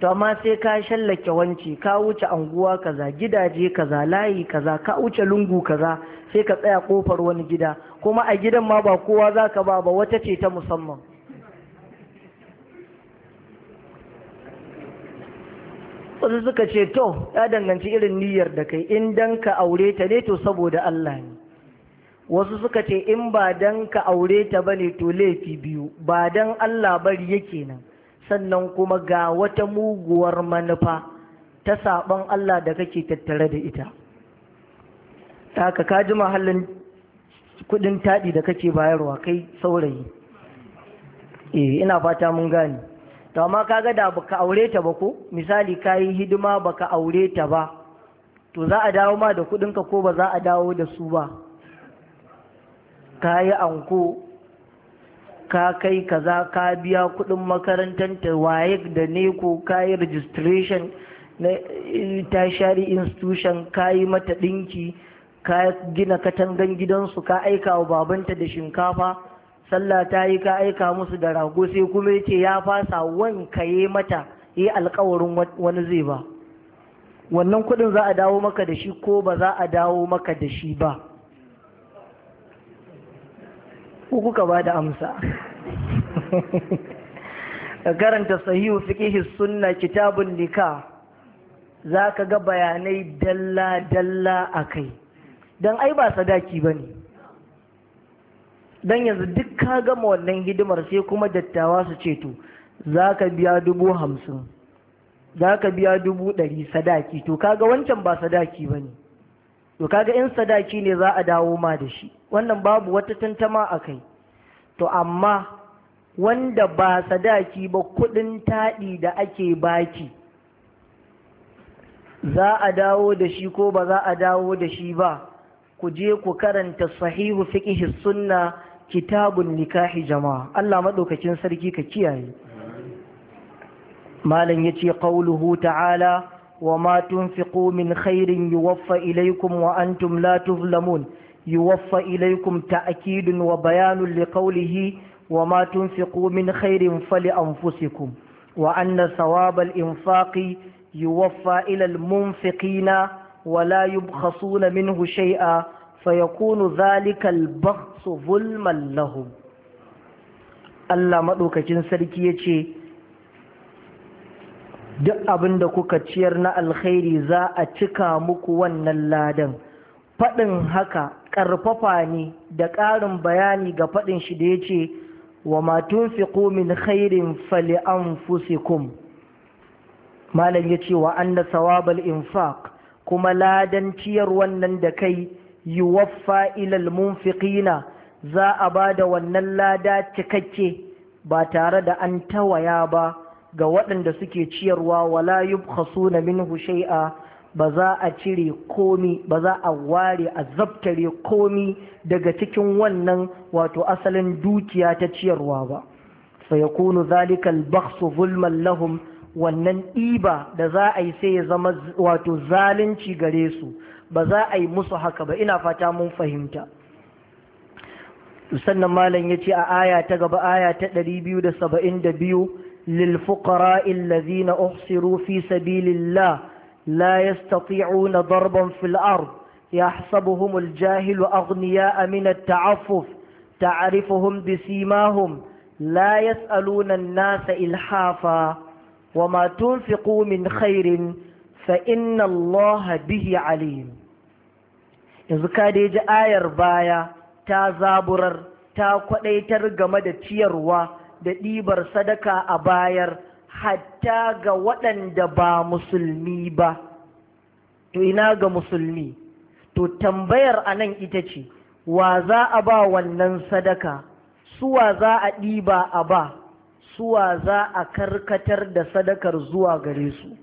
to amma sai ka shallake wanci ka wuce anguwa kaza gidaje kaza layi kaza ka wuce lungu kaza sai ka tsaya kofar wani gida kuma a gidan ma ba kowa za ka ba ba wata ce ta musamman wasu suka ce to ya danganci irin niyyar da kai in dan ka aure ta ne to saboda Allah ne wasu suka ce in ba dan ka aure ta bane to laifi biyu ba dan Allah bari yake nan sannan kuma ga wata muguwar manufa ta saɓon Allah da kake tattare da ita ta haka ka ji mahallin kudin taɗi da kake bayarwa kai saurayi eh ina fata mun gane to amma kaga da baka aure ta ba ko misali ka yi hidima baka aure ta ba to za a dawo ma da kudinka ko ba za a dawo da su ba ka yi anko ka kai kaza ka biya kudin makarantar ta waye da ne ko ka yi registration na tashari institution ka yi mata dinki ka gina katangan gidansu ka aika wa babanta da shinkafa sallah ta yi ka aika musu da rago sai kuma yace ya fasa wanka yi mata yi alkawarin wani zai ba wannan kudin za a dawo maka da shi ko ba za a dawo maka da shi ba ko kuka ba da amsa ka karanta sahihu fiƙihi sunna kitabun nikah zaka ga bayanai dalla dalla akai dan ai ba sadaki bane dan yanzu duk ka gama wannan hidimar sai kuma dattawa su ce to zaka biya dubu hamsin zaka biya dubu ɗari sadaki to kaga wancan ba sadaki bane to kaga in sadaki ne za a dawo ma da shi wannan babu wata tantama a kai to amma wanda ba sadaki ba kudin taɗi da ake baki za a dawo da shi ko ba za a dawo da shi ba ku je ku karanta sahihu fiqh sunna kitabun nikahi jama'a Allah madaukakin sarki ka kiyaye malam yace qauluhu ta'ala وما تنفقوا من خير يوفى إليكم وأنتم لا تظلمون يوفى إليكم تأكيد وبيان لقوله وما تنفقوا من خير فلأنفسكم وأن ثواب الإنفاق يوفى إلى المنفقين ولا يبخسون منه شيئا فيكون ذلك البخس ظلما لهم Allah maɗaukacin sarki ya ce duk abin da kuka ciyar na alkhairi za a cika muku wannan ladan faɗin haka ƙarfafa ne da ƙarin bayani ga faɗin shi da ya ce wa matun min khairin fali an fusikum malam ya ce wa anna sawabal infaq kuma ladan ciyar wannan da kai yi waffa ilal munfiqina za a ba da wannan lada cikakke ba tare da an tawaya ba ga waɗanda suke ciyarwa wala na minhu shay'a ba za a cire komi ba za a ware a zabtare komi daga cikin wannan wato asalin dukiya ta ciyarwa ba yakunu zalikal bakhsu zulman lahum wannan ɗiba da za a yi sai ya zama wato zalunci gare su ba za a yi musu haka ba ina fata mun fahimta sannan malam ya ce a aya ta gaba aya ta 272 للفقراء الذين أحصروا في سبيل الله لا يستطيعون ضربا في الأرض يحسبهم الجاهل أغنياء من التعفف تعرفهم بسيماهم لا يسألون الناس إلحافا وما تنفقوا من خير فإن الله به عليم yanzu ka dai ji ayar baya ta zaburar ta kwadaitar game da ciyarwa da ɗibar sadaka a bayar hatta ga waɗanda ba musulmi ba to ina ga musulmi to tambayar a nan ita ce wa za a ba wannan sadaka suwa za a ɗiba a ba suwa za a karkatar da sadakar zuwa gare su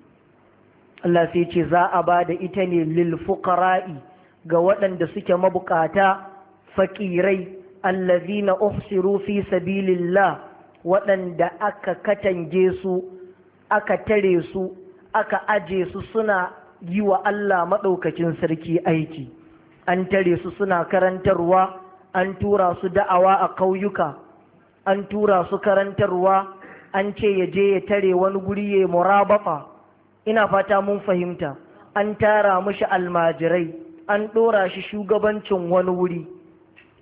Allah sai ce za a ba da ita ne lil fuqara'i ga waɗanda suke mabukata faƙirai allazina ufsiru fi sabilillah waɗanda aka katange su aka tare su aka aje su suna yi wa Allah maɗaukacin sarki aiki an tare su suna karantarwa an tura su da'awa a ƙauyuka an tura su karantarwa an ce ya je ya tare wani guri ya murabafa. ina fata mun fahimta an tara mushi almajirai an ɗora shi shugabancin wani wuri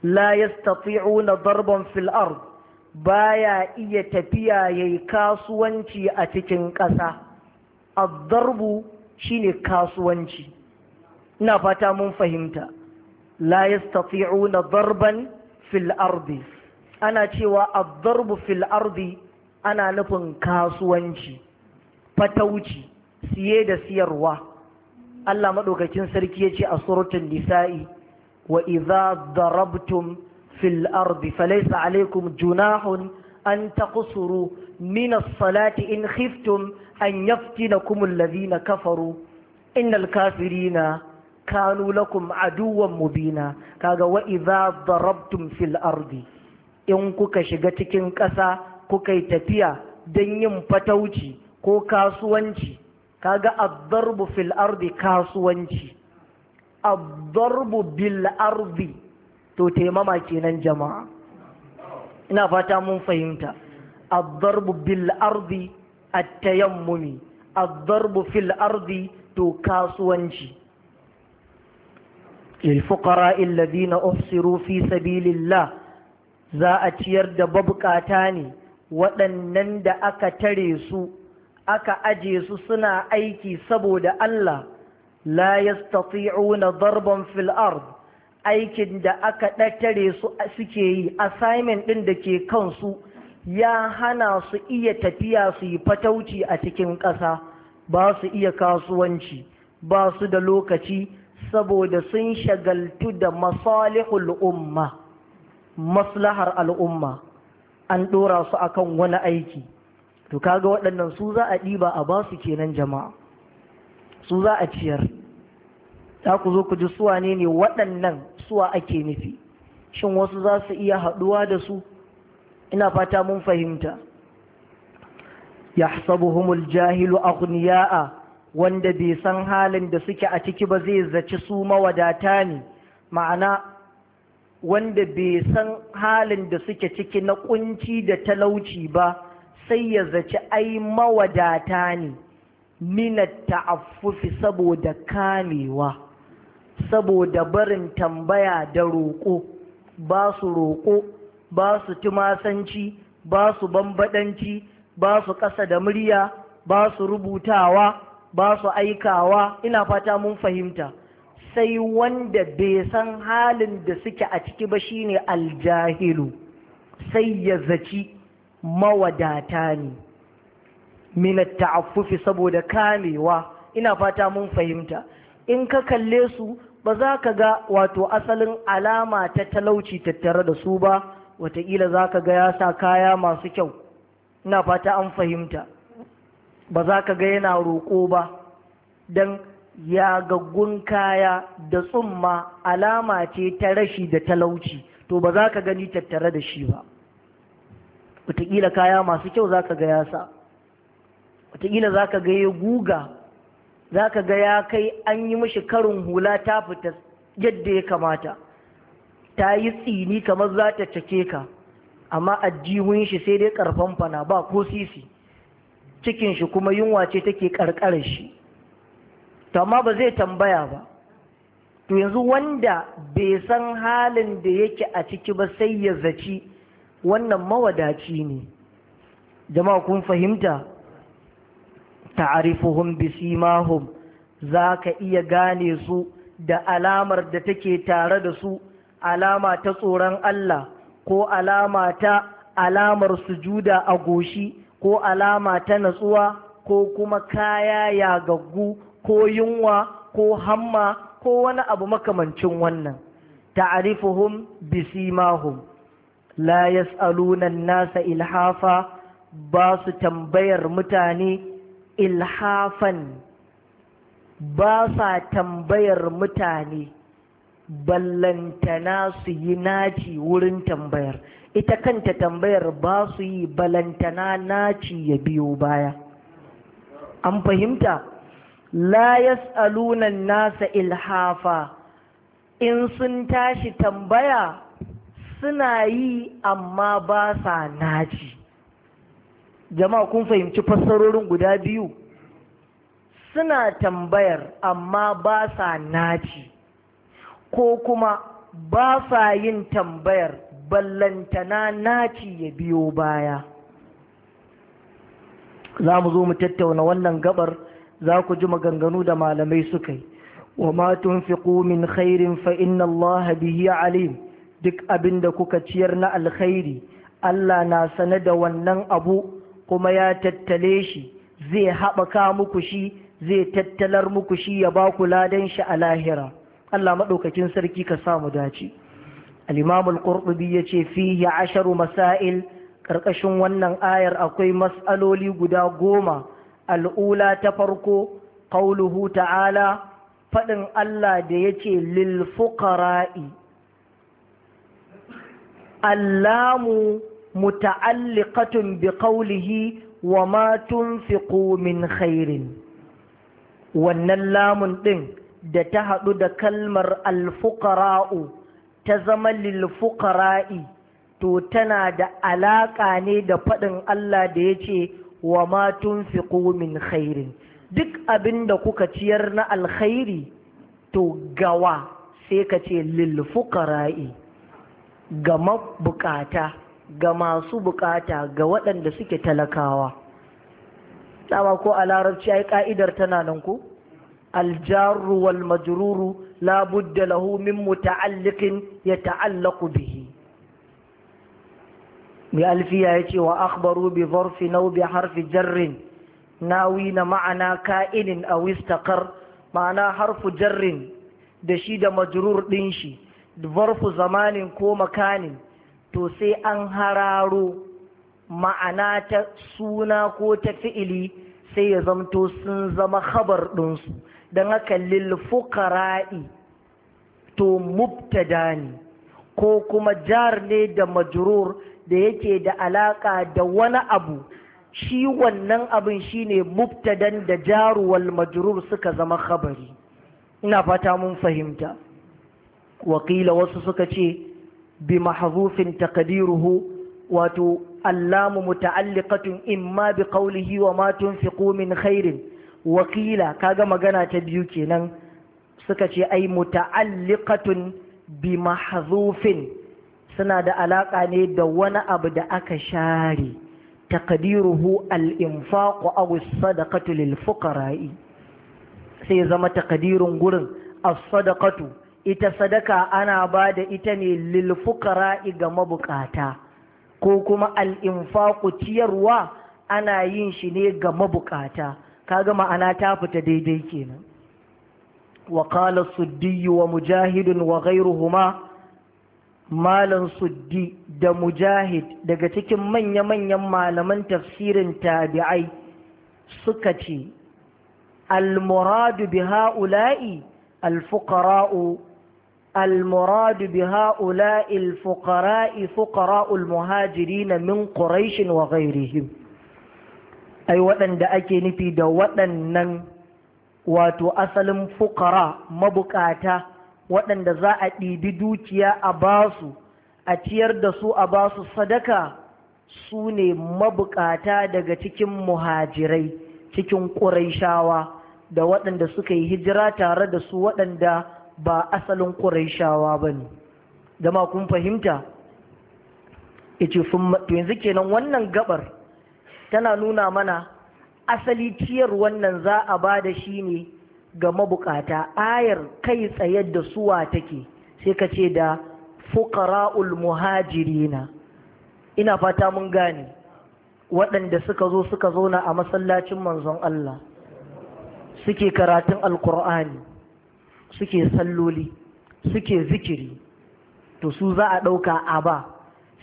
la yastati'una darban fil ard baya iya tafiya ya yi kasuwanci a cikin ƙasa Abdarbu shi shine kasuwanci ina fata mun fahimta la yastati'una darban fil ardi ana cewa abdarbu fil ardi ana nufin kasuwanci fatauci siye da siyarwa Allah maɗaukacin sarki ya ce a suratul nisa'i wa idza darabtum في الأرض فليس عليكم جناح أن تقصروا من الصلاة إن خفتم أن يفتنكم الذين كفروا إن الكافرين كانوا لكم عدوا مبينا كاغا وإذا ضربتم في الأرض إن كوكا شغتكين كسا كوكا تفيا دنيم فتوشي كوكا سوانشي كاغا الضرب في الأرض كاسوانشي الضرب بالأرض to taimama kenan jama'a ina fata mun fahimta الضرب بالأرض التيمم الضرب في الأرض تكاسونشي للفقراء الذين أحصروا في سبيل الله za za'a ciyar da babuƙata ne waɗannan da aka tare su aka aje su suna aiki saboda Allah la yastati'una darban fil ard aikin da aka ɗattare su suke yi assignment ɗin da ke kansu ya hana su iya tafiya su yi fatauci a cikin ƙasa ba su iya kasuwanci ba su da lokaci saboda sun shagaltu da masalihul umma maslahar al'umma an ɗora su akan wani aiki to kaga waɗannan su za a ɗiba a ba su kenan jama'a su za a ciyar za ku zo ku ji suwane ne waɗannan suwa ake nufi shin wasu za su iya haɗuwa da su ina fata mun fahimta yahsabuhumul jahilu a: wanda bai san halin da suke a ciki ba zai zaci su mawadata ne ma'ana wanda bai san halin da suke ciki na kunci da talauci ba sai ya zaci ai mawadata ne minat ta'affufi saboda kamewa saboda barin tambaya da roƙo ba su roƙo ba su tumasanci ba su bambadanci ba su ƙasa da murya ba su rubutawa ba su aikawa ina fata mun fahimta sai wanda bai san halin da suke a ciki ba shine aljahilu sai ya zaci mawadata ne minat ta'affufi saboda kamewa ina fata mun fahimta in ka kalle su ba za ka ga wato asalin alama ta talauci tattare da su ba wataƙila za ka ga ya sa kaya masu kyau ina fata an fahimta ba za ka ga yana roƙo ba don ya gaggun kaya da tsumma alama ce ta rashi da talauci to ba za ka gani tattare da shi ba wataƙila kaya masu kyau za ka ga ya sa wataƙila za ka ga ya guga za ka ga ya kai an yi mishi karin hula ta fita yadda ya kamata ta yi tsini kamar za ta cake ka amma ajihun shi sai dai karfan fana ba ko sisi cikin shi kuma yunwa ce take karkarar shi to amma ba zai tambaya ba to yanzu wanda bai san halin da yake a ciki ba sai ya zaci wannan mawadaci ne jama'a kun fahimta ta'rifuhum bisimahum za ka iya gane su da alamar da take tare da su alama ta tsoron Allah ko alama ta alamar sujuda a goshi ko alama ta natsuwa ko kuma kaya ya gaggu, ko yunwa ko hamma ko wani abu makamancin wannan ta'arifuhum bisimahum la yas'aluna an-nasa ilhafa ba su tambayar mutane ilhafan ba sa tambayar mutane ballantana su yi naci wurin tambayar ita kanta tambayar ba su yi ballantana naci ya biyo baya an fahimta la yas'alunan nasa ilhafa in sun tashi tambaya suna yi amma ba sa naci jama'a kun fahimci fassarorin guda biyu suna tambayar amma ba sa naci ko kuma ba sa yin tambayar ballantana naci ya biyo baya za mu zo mu tattauna wannan gabar za ku ji maganganu da malamai suka yi wa ma min khairin fa inna Allah bihi alim duk abin da kuka ciyar na alkhairi Allah na sane da wannan abu kuma ya tattale shi zai haɓaka muku shi zai tattalar muku shi ya ba ku ladan shi a lahira Allah maɗaukakin sarki ka samu dace al-imam al-qurtubi yace fihi asharu masail ƙarƙashin wannan ayar akwai mas'aloli guda goma al'ula ta farko qauluhu ta'ala faɗin Allah da yace lil fuqara'i allamu muta'alliqatun bi wa ma tunfiqu min khairin wannan lamun din da ta haɗu da kalmar alfukarau ta zama lilfukara'i, to tana da alaƙa ne da faɗin Allah da ya ce wa ma tunfiqu min khairin duk abinda kuka ciyar na alkhairi to gawa sai ka ce lilfukara'i ga mabukata ga masu bukata ga waɗanda suke talakawa dama ko a larabci ai ka'idar tana nan ko aljaru wal majruru la budda lahu min muta'alliqin yata'allaqu bihi mai alfiya yace wa akhbaru bi zarfi naw bi harfi jarrin nawina ma'ana ka'inin aw istaqar ma'ana harfu jarrin da shi da majrur din shi zarfu zamanin ko makanin to sai an hararo ma'ana ta suna ko ta fi'ili sai ya zamto sun zama khabar ɗinsu don haka lilfukara'i to mubtada ne ko kuma jar ne da majrur da yake da alaka da wani abu shi wannan abin shi ne mubtadan da jaruwal majrur suka zama khabari ina fata mun fahimta wakila wasu suka ce bi mahzufin taqdiruhu wato allamu muta'alliqatun imma bi qawlihi wa ma tunfiqu min khairin wakila kaga magana ta biyu kenan suka ce ai muta'alliqatun bi mahzufin suna da alaka ne da wani abu da aka share taqdiruhu al-infaq aw as-sadaqatu lil fuqara'i sai zama taqdirun gurin as-sadaqatu ita sadaka ana ba da ita ne lilfukara'i ga mabukata ko kuma al'infaku ciyarwa ana yin shi ne ga mabukata kaga ma'ana ta fita daidai kenan wa kala suddi wa mujahidun wa huma malan suddi da mujahid daga cikin manya-manyan malaman tafsirin tabi'ai suka ce al-muradu bi ha'ula'i al fukarau المراد بهؤلاء الفقراء فقراء المهاجرين من قريش وغيرهم أي وطن دا أكي نفي دا وطن نن واتو أسلم فقراء مبكاتا وطن دا زاء بدوكيا أباسو أتير دا سو أباسو صدكا سوني مبكاتا دا تكم مهاجري تكم قريشاوا da waɗanda suka yi hijira tare da su waɗanda ba asalin ƙuraishawa ba ne zama kun fahimta yace yanzu kenan wannan gabar tana nuna mana asali ciyar wannan za a ba da shi ne ga mabukata ayar kai tsaye da suwa take sai ka ce da fukara'ul muhajirina ina fata mun gane waɗanda suka zo suka zauna a masallacin manzon Allah suke karatun alkur'ani suke salloli suke zikiri to su za a ɗauka a ba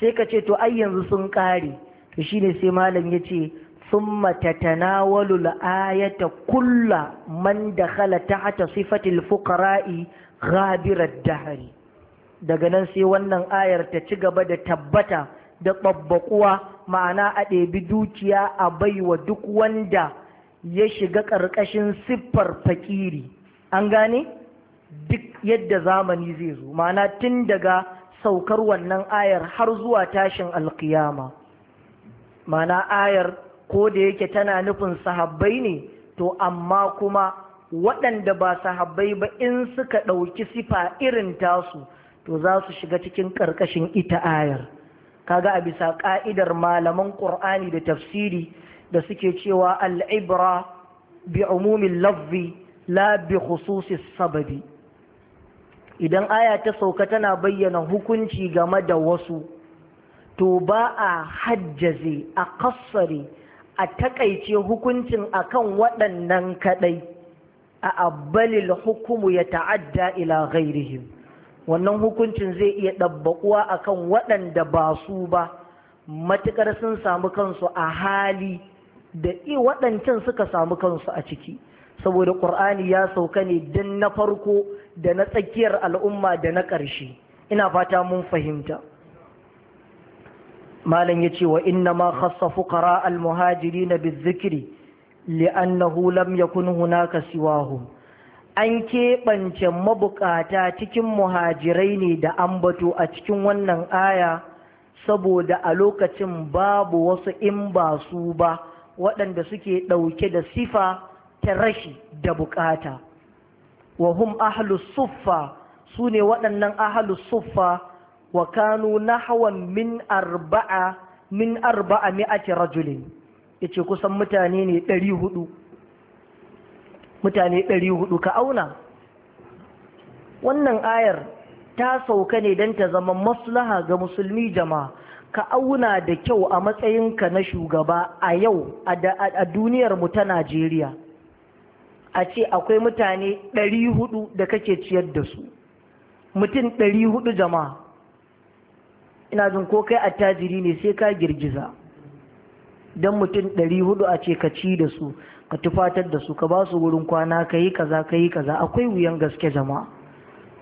sai ka ce to ai yanzu sun ƙare to shine sai malam ya ce sun ثم تتناول kulla كل من دخل hata صفة الفقراء da hari daga nan sai wannan ayar ta ci gaba da tabbata da ɓabbaƙuwa ma'ana a ɗebi dukiya a baiwa duk wanda ya shiga ƙarƙashin siffar fakiri an gane? duk yadda zamani zai zo mana tun daga saukar wannan ayar har zuwa tashin alkiyama mana ayar ko da yake tana nufin sahabbai ne to amma kuma waɗanda ba sahabbai ba in suka ɗauki sifa irin tasu to za su shiga cikin ƙarƙashin ita ayar kaga a bisa ƙa'idar malaman ƙur'ani da tafsiri da suke cewa al'ibra bi umumin lafzi la bi khususis sababi idan aya ta sauka tana bayyana hukunci game da wasu to ba a hajjaze a kassare a takaice hukuncin akan waɗannan kaɗai a abbalil hukumu ya ta'adda ila ghairihim wannan hukuncin zai iya ɗabbaƙuwa akan waɗanda ba su ba matuƙar sun samu kansu a hali da i waɗancan suka samu kansu a ciki saboda ƙur'ani ya sauka ne don na farko da na tsakiyar al'umma da na ƙarshe ina fata mun fahimta malam ya ce wa inna ma khassa fuqara al-muhajiri na bizikiri li'annahu lam yakun hunaka siwahu an keɓance mabukata cikin muhajirai ne da ambato a cikin wannan aya saboda a lokacin babu wasu in ba su ba waɗanda suke ɗauke da sifa ta rashi da bukata wa hum ahlus suffa su ne waɗannan ahlus suffa wa kanu nahwan min arba'a min arba'a mi'ati rajulin yace kusan mutane ne 400 mutane 400 ka auna wannan ayar ta sauka ne don ta zama maslaha ga musulmi jama'a ka auna da kyau a matsayinka na shugaba a yau a duniyar mu ta Najeriya a ce akwai mutane ɗari hudu da kake ciyar da su mutum ɗari hudu jama'a ina jin ko kai attajiri ne sai ka girgiza don mutum ɗari hudu a ce ka ci da su ka tufatar da su ka ba su wurin kwana ka yi kaza ka yi kaza akwai wuyan gaske jama'a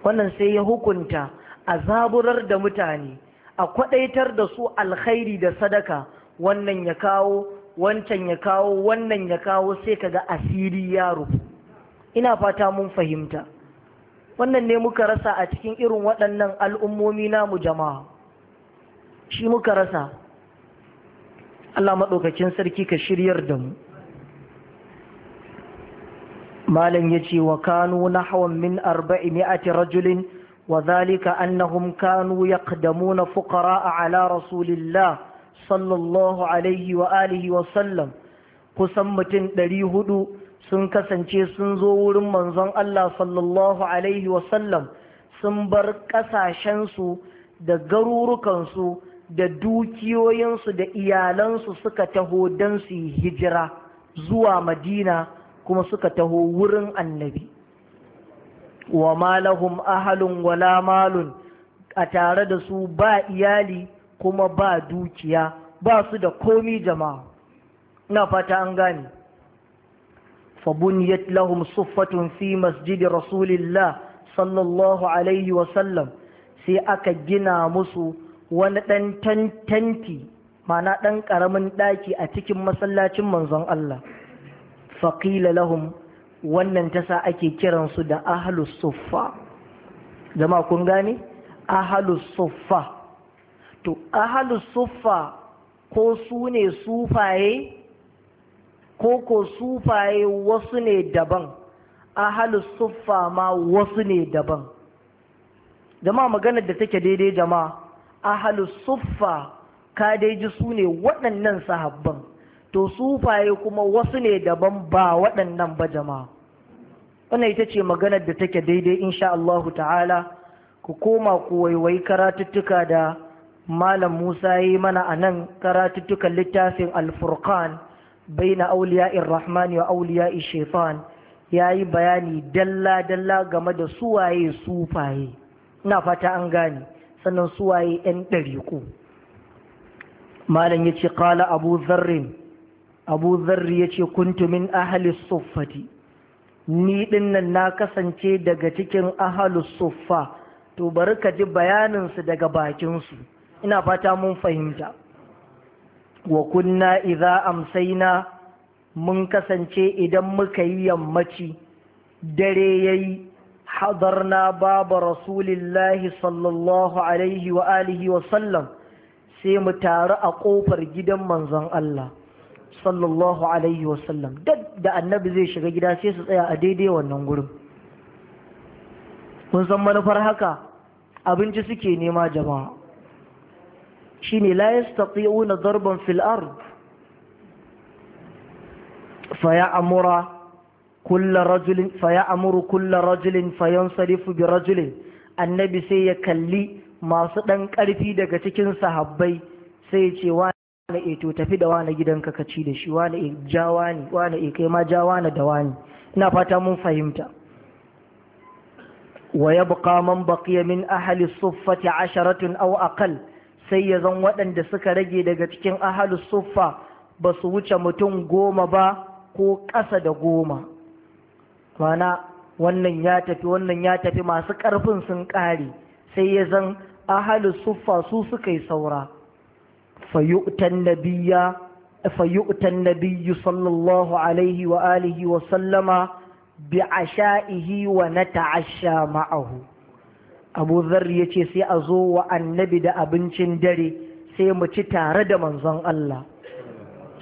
wannan sai ya hukunta a zaburar da mutane a kwaɗaitar da su alkhairi da sadaka wannan ya kawo wancan ya kawo wannan ya kawo sai kaga asiri ya rufu ina fata mun fahimta wannan ne muka rasa a cikin irin waɗannan al'ummomi namu jama'a shi muka rasa Allah maɗaukacin sarki ka shiryar da mu malam ya ce wa kanu hawan min arba'i mi'ati rajulin wa zalika annahum kanu yaqdamuna fuqara'a ala rasulillah sallallahu alaihi wa alihi wa sallam kusan mutum ɗari hudu sun kasance sun zo wurin manzon Allah sallallahu alaihi wa sallam sun bar ƙasashensu da garurukansu da dukiyoyinsu da iyalansu suka taho don su yi hijira zuwa madina kuma suka taho wurin annabi wa malahum ahalun wala malun a tare da su ba iyali kuma ba dukiya ba su da komi jama'a ina fata an gane Fa lahum lahum fi masjidi rasulillah الله sai aka gina musu wani ɗan tantanti mana ɗan ƙaramin ɗaki a cikin masallacin manzon Allah faƙila lahum wannan tasa ake kiransu da ahlus suffa Jama'a kun gane ahlus suffa to ahalu sufa ko su ne sufaye ko ko sufaye wasu ne daban ahalu sufa ma wasu ne daban jama'a maganar da take daidai jama'a ahalu sufa ka dai su ne waɗannan sahabban to sufaye kuma wasu ne daban ba waɗannan ba jama'a wannan ita ce maganar da take daidai insha Allahu ta'ala ku koma ku waiwai karatuttuka da malam musa yi mana a nan karatuttukan littafin alfurkan bai na auliya'in rahmani wa auliya shefan ya yi bayani dalla-dalla game da suwaye sufaye na fata an gane sannan suwaye 'yan ɗariku malam ya ce kala abu zarrin abu zarri ya ce kuntumin ahalis suffati ni dinnan na kasance daga cikin ahalis suffa to bari ka ji bayaninsu daga bakinsu ina fata mun fahimta wa kunna idza amsaina mun kasance idan muka yi yammaci dare yayi hadarna baba rasulillahi sallallahu alaihi wa alihi wa sallam sai mu taru a kofar gidan manzon Allah sallallahu alaihi wa sallam duk da annabi zai shiga gida sai su tsaya a daidai wannan gurin kun san manufar haka abinci suke nema jama'a shine la yastati'una darban fil ard faya'mura kullu rajulin faya'muru kullu rajulin fa fayansarifu bi rajulin annabi sai ya kalli masu ɗan ƙarfi daga cikin sahabbai sai ya ce wani eh, to tafi da wani gidan ka ci da shi wa na wani kai ma ja wani da wani ina fata mun fahimta wa yabqa man baqiya min ahli as-suffati 'asharatun au aqall sai ya zan waɗanda suka rage daga cikin ahalus suffa ba su wuce mutum goma ba ko ƙasa da goma mana wannan ya tafi wannan ya tafi masu ƙarfin sun ƙare sai ya zan ahalus suffa su suka yi saura fayyutan nabiyyu sallallahu alaihi wa alihi wa sallama bi asha'ihi wa na ta'asha ma'ahu abu zarri ya ce sai a zo wa annabi da abincin dare sai mu ci tare da manzon Allah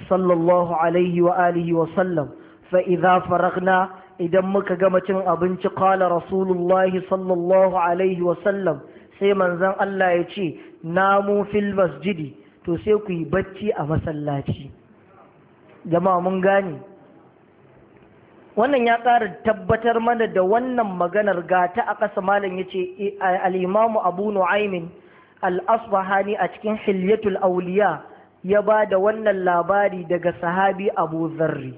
sallallahu alaihi wa alihi wa sallam faragna idan muka gama cin abinci kala rasulullahi sallallahu alaihi wa sallam sai manzon Allah ya ce namu fil masjidi to sai ku yi bacci a masallaci jama'a mun gane wannan ya ƙara tabbatar mana da wannan maganar gata a ƙasa malam ya ce al'imamu abu nu'aimin al'asbahani a cikin hilyatul auliya ya ba da wannan labari daga sahabi abu zarri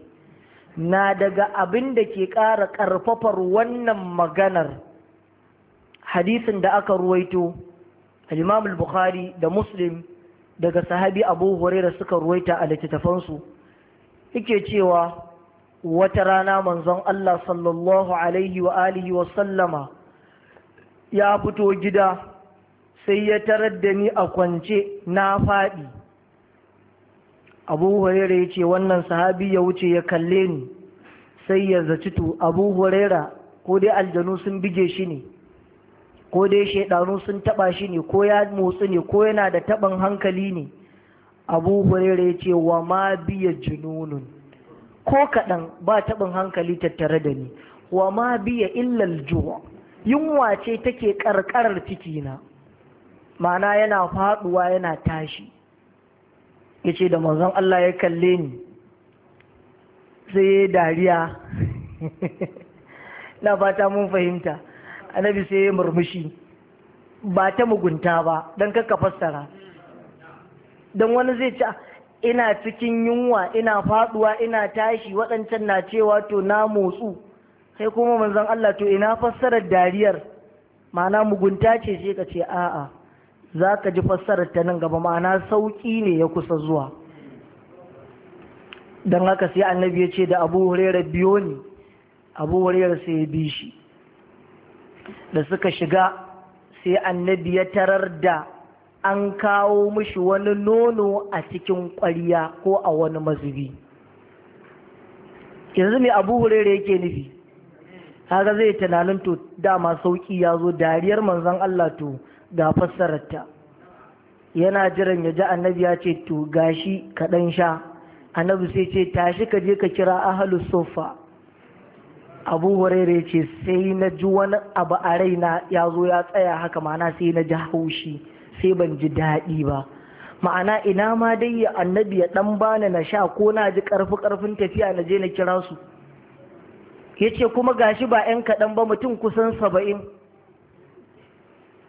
na daga abin da ke ƙara ƙarfafar wannan maganar hadisin da aka ruwaito Alimamu bukhari da muslim daga sahabi abu huraira suka ruwaita a littattafansu yake cewa wata rana manzon Allah sallallahu alaihi wa alihi wa sallama ya fito gida sai ya tarar da ni a kwance na faɗi abu huraira ya ce wannan sahabi ya wuce ya kalle ni sai ya zaci to abu huraira ko dai aljanu sun bige shi ne ko dai shaidanu sun taba shi ne ko ya motsi ne ko yana da taɓin hankali ne abu huraira ya ce wa ma biya jununun ko kaɗan ba taɓin hankali tattare da ni wa ma biya illal juwa yunwa ce take ƙarƙarar cikina ma'ana yana faɗuwa yana tashi ya ce da manzon Allah ya kalle ni sai ya dariya na fata mun fahimta annabi sai ya murmushi ba ta mugunta ba don kakka fassara don wani zai ci ina cikin yunwa ina faduwa ina tashi waɗancan na cewa to na motsu sai kuma manzon Allah to ina fassarar dariyar ma'ana mugunta ce sai ka ce a'a za ka ji fassarar ta nan gaba ma'ana sauƙi ne ya kusa zuwa don haka sai annabi ya ce da abu hurairar biyo ne abu hurairar sai ya bi shi da suka shiga sai annabi ya tarar da an kawo mishi wani nono a cikin ƙwariya ko a wani mazubi yanzu mai abu hurere yake nufi haka zai tunanin to dama sauƙi ya zo dariyar manzon Allah to ga fassararta yana jiran ya ji annabi ya ce to gashi kaɗan sha annabi sai ce tashi ka je ka kira ahalu sofa abu hurere ce sai na ji wani abu a raina ya zo ya tsaya haka mana sai na ji haushi sai ban ji daɗi ba ma'ana ina ma dai ya annabi ya ɗan bani na sha ko na ji ƙarfi ƙarfin tafiya na je na kira su ya ce kuma gashi ba 'yan kaɗan ba mutum kusan saba'in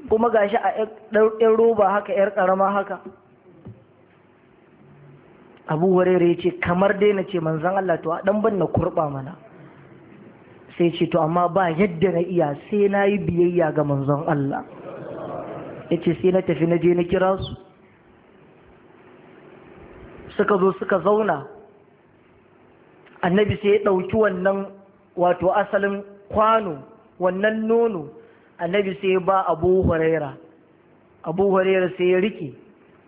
kuma gashi a ɗan roba haka 'yar ƙarama haka abu warere ya ce kamar dai na ce manzan Allah to a ɗan ban na kurɓa mana sai ce to amma ba yadda na iya sai na yi biyayya ga manzon Allah ce sai na tafi na je na kira su suka zo suka zauna annabi sai ya ɗauki wannan wato asalin kwano wannan nono annabi sai ya ba abu huraira abu huraira sai ya rike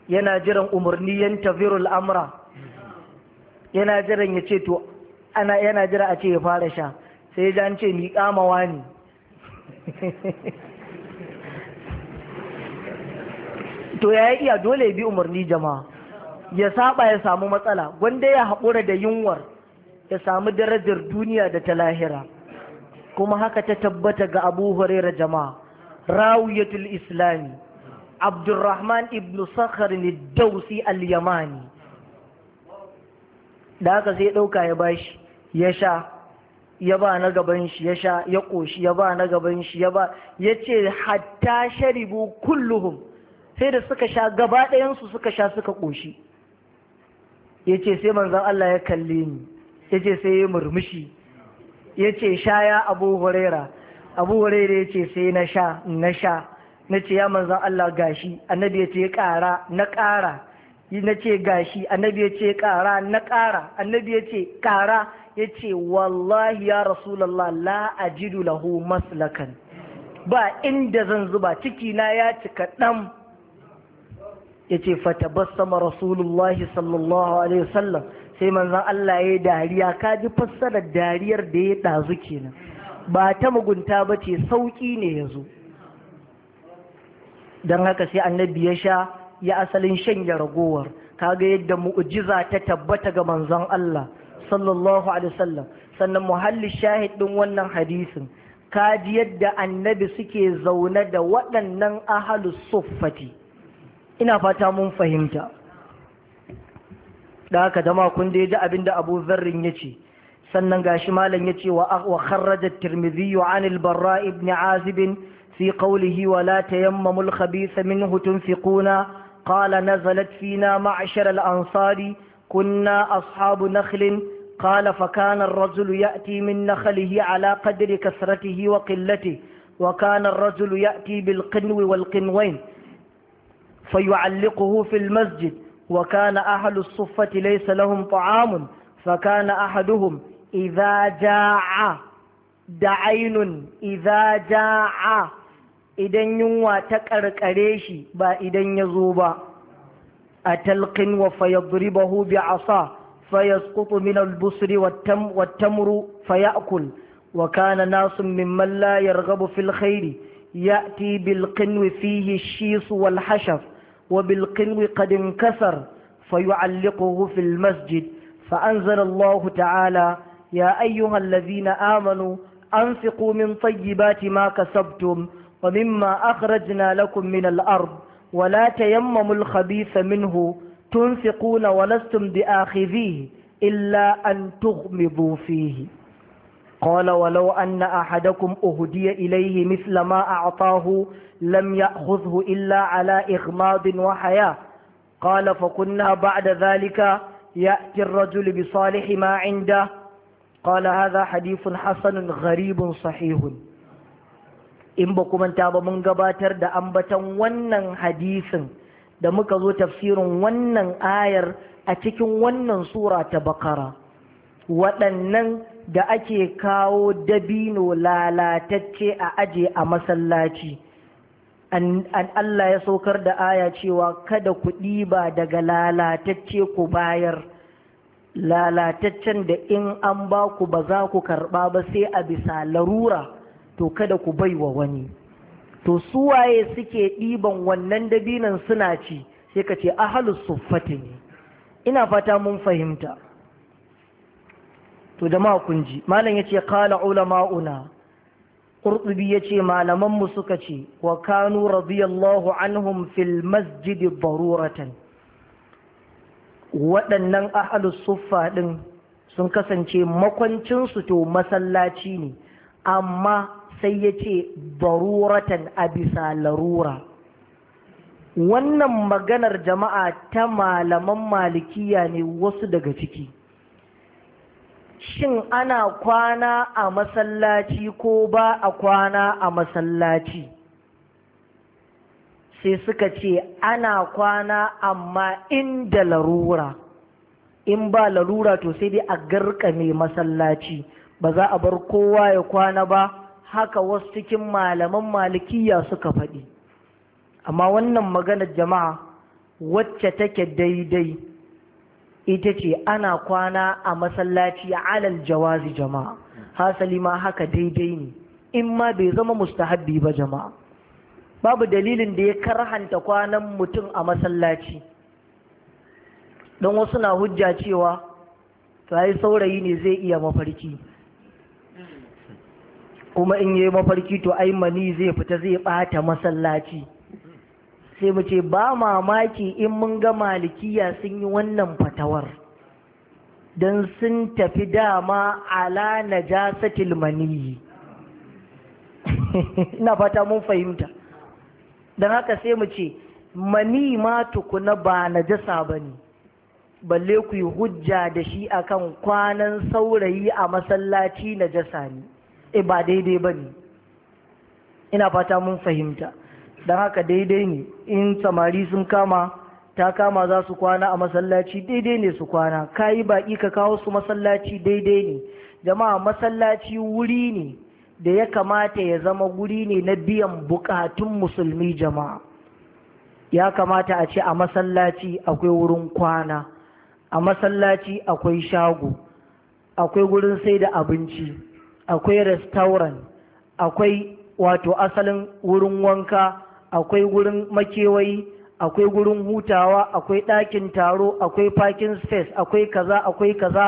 yana jiran umarni yan tafirul amra yana jiran ya ce to ana yana jira a ce ya fara sha sai ya an ce ni kamawa ne to ya iya dole bi umarni jama'a ya saba ya samu matsala gwanda ya haƙura da yunwar ya samu darajar duniya da ta lahira kuma haka ta tabbata ga abu huraira jama'a rawiyatul islami abdurrahman ibn sakhar ne dausi al-yamani da haka sai ɗauka ya bashi ya sha ya ba na gaban shi ya sha ya ƙoshi ya ba na gaban shi ya ba ya ce hatta sharibu kulluhum sai da suka sha gaba ɗayansu suka sha suka ƙoshi ya ce sai manzan Allah ya kalle ni ya ce sai ya murmushi ya ce sha ya abu huraira abu huraira ya ce sai na sha na sha na ce ya manzan Allah gashi annabi ya ce ƙara na ƙara na ce gashi annabi ya ce ƙara na ƙara annabi ya ce ƙara ya ce wallahi ya rasulallah la ajidu lahu maslakan ba inda zan zuba ciki na ya cika ɗan yace fatabassama rasulullahi sallallahu alaihi wasallam sai manzon Allah yayi dariya ka ji fassarar dariyar da ya ɗazu kenan ba ta mugunta bace sauƙi ne yazo dan haka sai annabi ya sha ya asalin shan ya ragowar kaga yadda mu'jiza ta tabbata ga manzon Allah sallallahu alaihi wasallam sannan muhalli shahid din wannan hadisin kaji yadda annabi suke zaune da waɗannan ahalus suffati ina fata mun fahimta da haka dama kun da ji abinda Abu Zarrin yace sannan gashi malam yace wa wa kharraja tirmidhi an al-Barra ibn Azib fi qawlihi wa la tayammamu al khabith minhu tunfiquna qala nazalat fina ma'shar al-ansari kunna ashabu nakhlin قال فكان الرجل يأتي من نخله على قدر كثرته وقلته وكان الرجل يأتي بالقنو والقنوين فيعلقه في المسجد وكان أهل الصفة ليس لهم طعام فكان أحدهم إذا جاع دعين إذا جاع إذن ينوى تكرك أليشي با إذن يزوبا أتلق وفيضربه بعصا فيسقط من البصر والتم والتمر فيأكل وكان ناس ممن لا يرغب في الخير يأتي بالقنو فيه الشيص والحشف وبالقلو قد انكسر فيعلقه في المسجد فأنزل الله تعالى يا أيها الذين آمنوا أنفقوا من طيبات ما كسبتم ومما أخرجنا لكم من الأرض ولا تيمموا الخبيث منه تنفقون ولستم بآخذيه إلا أن تغمضوا فيه قال ولو أن أحدكم أهدي إليه مثل ما أعطاه لم يأخذه إلا على إغماض وحياة قال فكنا بعد ذلك يأتي الرجل بصالح ما عنده قال هذا حديث حسن غريب صحيح in ba kuma ta ba mun gabatar da ambatan wannan hadisin da muka zo tafsirin wannan ayar a cikin wannan sura ta bakara waɗannan da ake kawo dabino lalatacce a aje a masallaci an Allah ya saukar da aya cewa kada ku ɗiba daga lalatacce ku bayar lalataccen da in an ba ku ba za ku karɓa ba sai a bisa larura to kada ku baiwa wani to waye suke ɗiban wannan dabinan suna ci sai ka ce ahalus suffati ne ina fata mun fahimta to da kun ji malam ya yace kala ulama'una ƙurɗubi ya ce malamanmu suka ce wa kanu radiyallahu anhum fil masjid daruratan waɗannan ahlus suffa ɗin sun kasance makwancinsu to masallaci ne amma sai ya ce daruratan a bisa larura wannan maganar jama'a ta malaman malikiya ne wasu daga ciki shin ana kwana a masallaci ko ba a kwana a masallaci sai suka ce ana kwana amma inda larura in ba larura to sai dai a garka mai masallaci ba za a bar kowa ya kwana ba haka wasu cikin malaman malikiya suka faɗi amma wannan maganar jama'a wacce take daidai ita ce ana kwana a masallaci alal jawazi jama'a hasali ma haka daidai ne in ma bai zama mustahabbi ba jama'a babu dalilin da ya karhanta kwanan mutum a masallaci don wasu na hujja cewa yi saurayi ne zai iya mafarki kuma in yi mafarki to ai mani zai fita zai bata masallaci sai mu ce ba mamaki in mun ga malikiya sun yi wannan fatawar don sun tafi dama ala ja maniyi ina fata mun fahimta don haka sai mu ce mani ma tukuna ba na najasa ba ne balle ku yi hujja da shi akan kwanan saurayi a masallaci jasa ne e ba daidai ba ne ina fata mun fahimta don haka daidai ne in samari sun kama ta kama za su kwana a masallaci daidai ne su kwana ka yi baƙi ka kawo su masallaci daidai ne jama'a masallaci wuri ne da ya kamata ya zama wuri ne na biyan bukatun musulmi jama'a ya kamata a ce a masallaci akwai wurin kwana a masallaci akwai shago akwai wurin sai da abinci akwai restaurant akwai wato asalin wurin wanka akwai gurin makewayi akwai gurin hutawa akwai ɗakin taro akwai parking space akwai kaza akwai kaza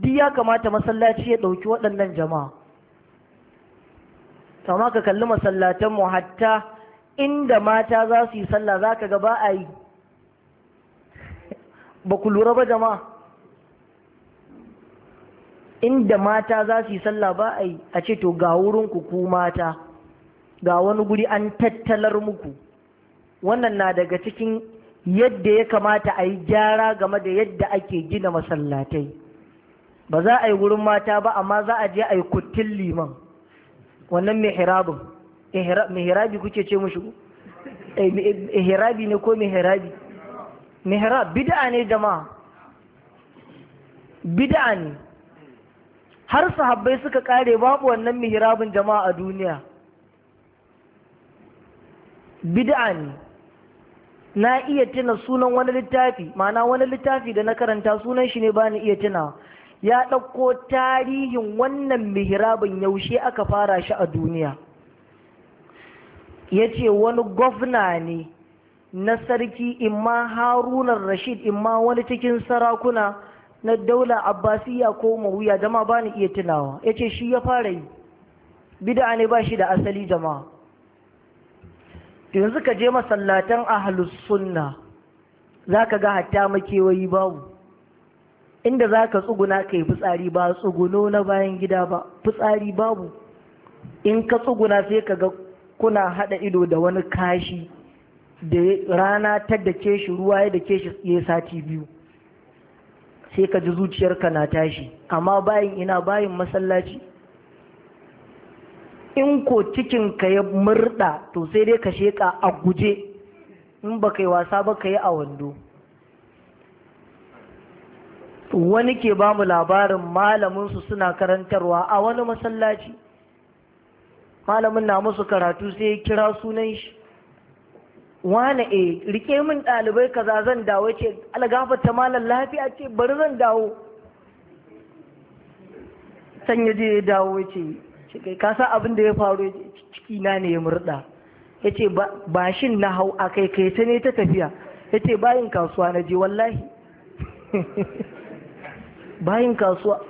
duk ya kamata masallaci ya ɗauki waɗannan jama'a kama ka kalli masallatan mu hatta inda mata za su yi sallah za ka ga a yi ba ku lura ba jama'a inda mata za su yi sallah ba a yi a ce to ga wurin ku ku mata ga wani guri an tattalar muku wannan na daga cikin yadda ya kamata a yi gyara game da yadda ake gina masallatai ba za a yi wurin mata ba amma za a je a yi kuttin liman wannan mihrabin mihrabi kuke ce mushi eh, mihrabi ne ko mihrabi mihrab bid'a ne jama'a bid'a ne har sahabbai suka kare babu wannan mihrabin jama'a a duniya bid'a ne na iya tuna sunan wani littafi ma'ana wani littafi da na karanta sunan shi ne ba ni iya tuna ya ɗauko tarihin wannan mihrabin yaushe aka fara shi a duniya ya ce wani gwamna ne na sarki imma harunan rashid imma wani cikin sarakuna na daula abbasiya ko mawuya jama ba ni iya tunawa ya ce shi ya fara yi bida ne ba shi da asali jama'a yanzu ka je masallatan ahlus sunna za ka ga hatta makewayi babu inda zaka tsuguna ka fitsari ba tsuguno na bayan gida ba fitsari babu in ka tsuguna sai ka ga kuna hada ido da wani kashi da rana ta dake shi ruwa ya dake shi ya sati biyu sai ka ji zuciyarka na tashi amma bayin ina bayin masallaci in ko cikinka ya murɗa to sai dai ka sheka a guje in ba yi wasa ba ka yi a wando wani ke ba mu labarin malaminsu suna karantarwa a wani masallaci malamin na musu karatu sai ya kira sunan shi wane e eh, rike min ɗalibai kaza zan dawo ce algafata malam lafiya ce bari zan dawo Sanya ya je ya dawo ce ce kai ka san abin da ya faru ciki na ne ya murda ya ce bashin na hau a kai kai ta ne ta tafiya ya ce bayin kasuwa na je wallahi bayin kasuwa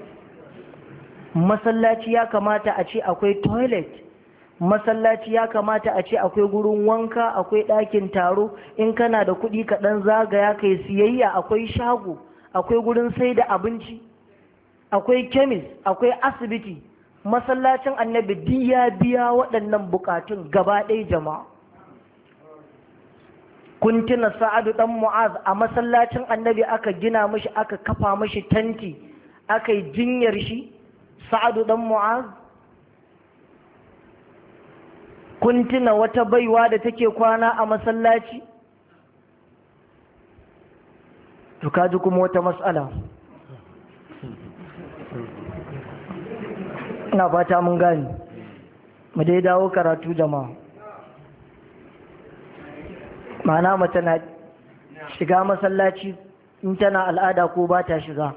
masallaci ya kamata a ce akwai toilet masallaci ya kamata a ce akwai gurin wanka akwai ɗakin taro in kana da kuɗi kaɗan zagaya kai siyayya akwai shago akwai gurin sai da abinci akwai kemis akwai asibiti masallacin annabi diya biya waɗannan bukatun gaba ɗaya jama'a kun tuna sa'adu ɗan mu'az a masallacin annabi aka gina mashi aka kafa mashi tanti aka yi jinyar shi sa'adu ɗan mu'az kun tuna wata baiwa da take kwana a masallaci to kaji kuma wata matsala ina fata mun gani mu dai dawo karatu jama'a ma'ana mace na shiga masallaci in tana al'ada ko ba ta shiga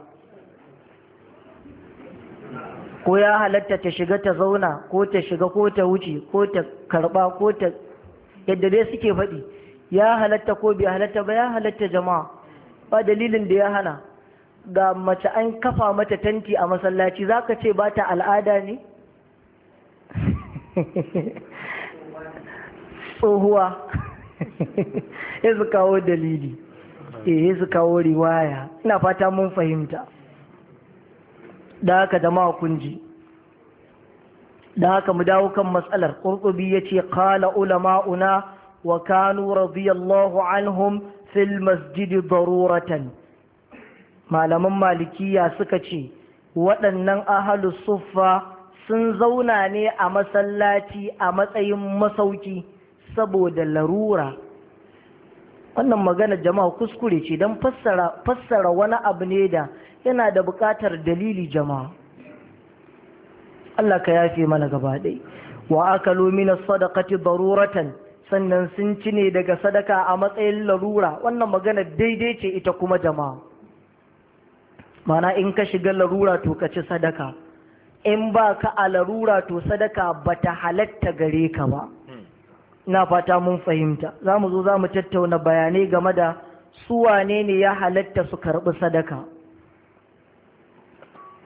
ko ya halatta ta shiga ta zauna ko ta shiga ko ta wuce ko ta karba ko ta yadda dai suke faɗi ya halatta ko bai halatta ba ya halatta jama'a ba dalilin da ya hana ga mace an kafa mata tanti a masallaci za ka ce ba ta al'ada ne? tsohuwa ya su kawo dalili ya eh, su kawo riwaya ina fata mun fahimta da haka jama'a kunji da haka mu dawo kan matsalar ƙurƙubi ya ce kala ulama'una wa kanu radiyallahu anhum fil masjidi daruratan malaman malikiya suka ce waɗannan ahalus suffa sun zauna ne a masallaci a matsayin masauki saboda larura wannan magana jama'a kuskure ce don fassara wani abu ne da yana da buƙatar dalili jama'a Allah ka yafe mana gaba ɗai wa aka lomina sadakati baruratan sannan sun ci ne daga sadaka a matsayin larura wannan magana daidai ce ita kuma jama'a mana in ka shiga larura to ka ci sadaka in ba ka a larura to sadaka ba ta halatta gare ka ba hmm. na fata mun fahimta za mu zo za mu tattauna bayanai game da su wane ne ya halatta su karɓi sadaka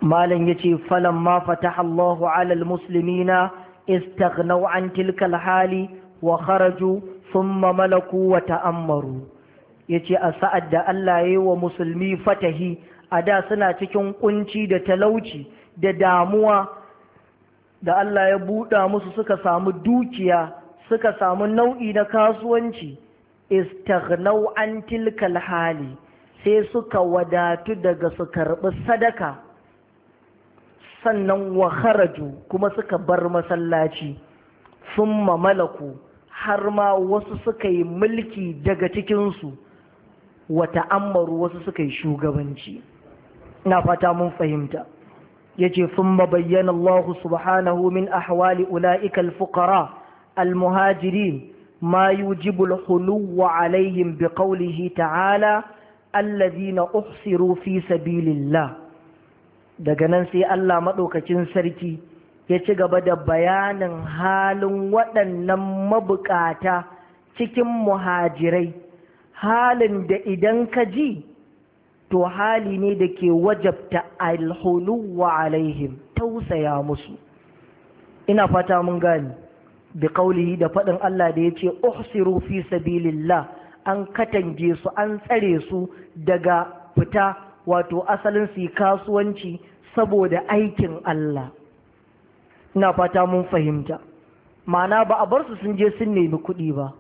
malam ya ce falon ma fataha Allahu alal musulmina istaghnau an tilkal hali wa kharaju thumma malaku wa ta'ammaru yace a sa'ad da Allah ya yi wa musulmi fatahi a da suna cikin kunci da talauci da damuwa da Allah ya buɗa musu suka samu dukiya suka samu nau'i na kasuwanci istaghnau an tilkal hali sai suka wadatu daga su karɓi sadaka sannan wa kharaju kuma suka bar masallaci summa malaku har ma wasu suka yi mulki daga cikinsu wata ammaru wasu suka yi shugabanci ina fata mun fahimta ce thumma bayyana Allah subhanahu min ahwali ulaika al-fuqara al-muhajirin ما يوجب الخلو bi بقوله ta'ala, الذين أحصروا uksiru سبيل الله daga nan sai Allah maɗaukacin sarki ya ci gaba da bayanin halin waɗannan mabukata cikin muhajirai halin da idan ka ji to hali ne da ke wajabta alhuluwa alaihim tausaya musu ina fata mun gani bi kaulihi da faɗin Allah da ya ce uhsiru fi sabilillah an katange su an tsare su daga fita wato asalin su kasuwanci saboda aikin Allah ina fata mun fahimta ma'ana ba a bar su sun je sun nemi kuɗi ba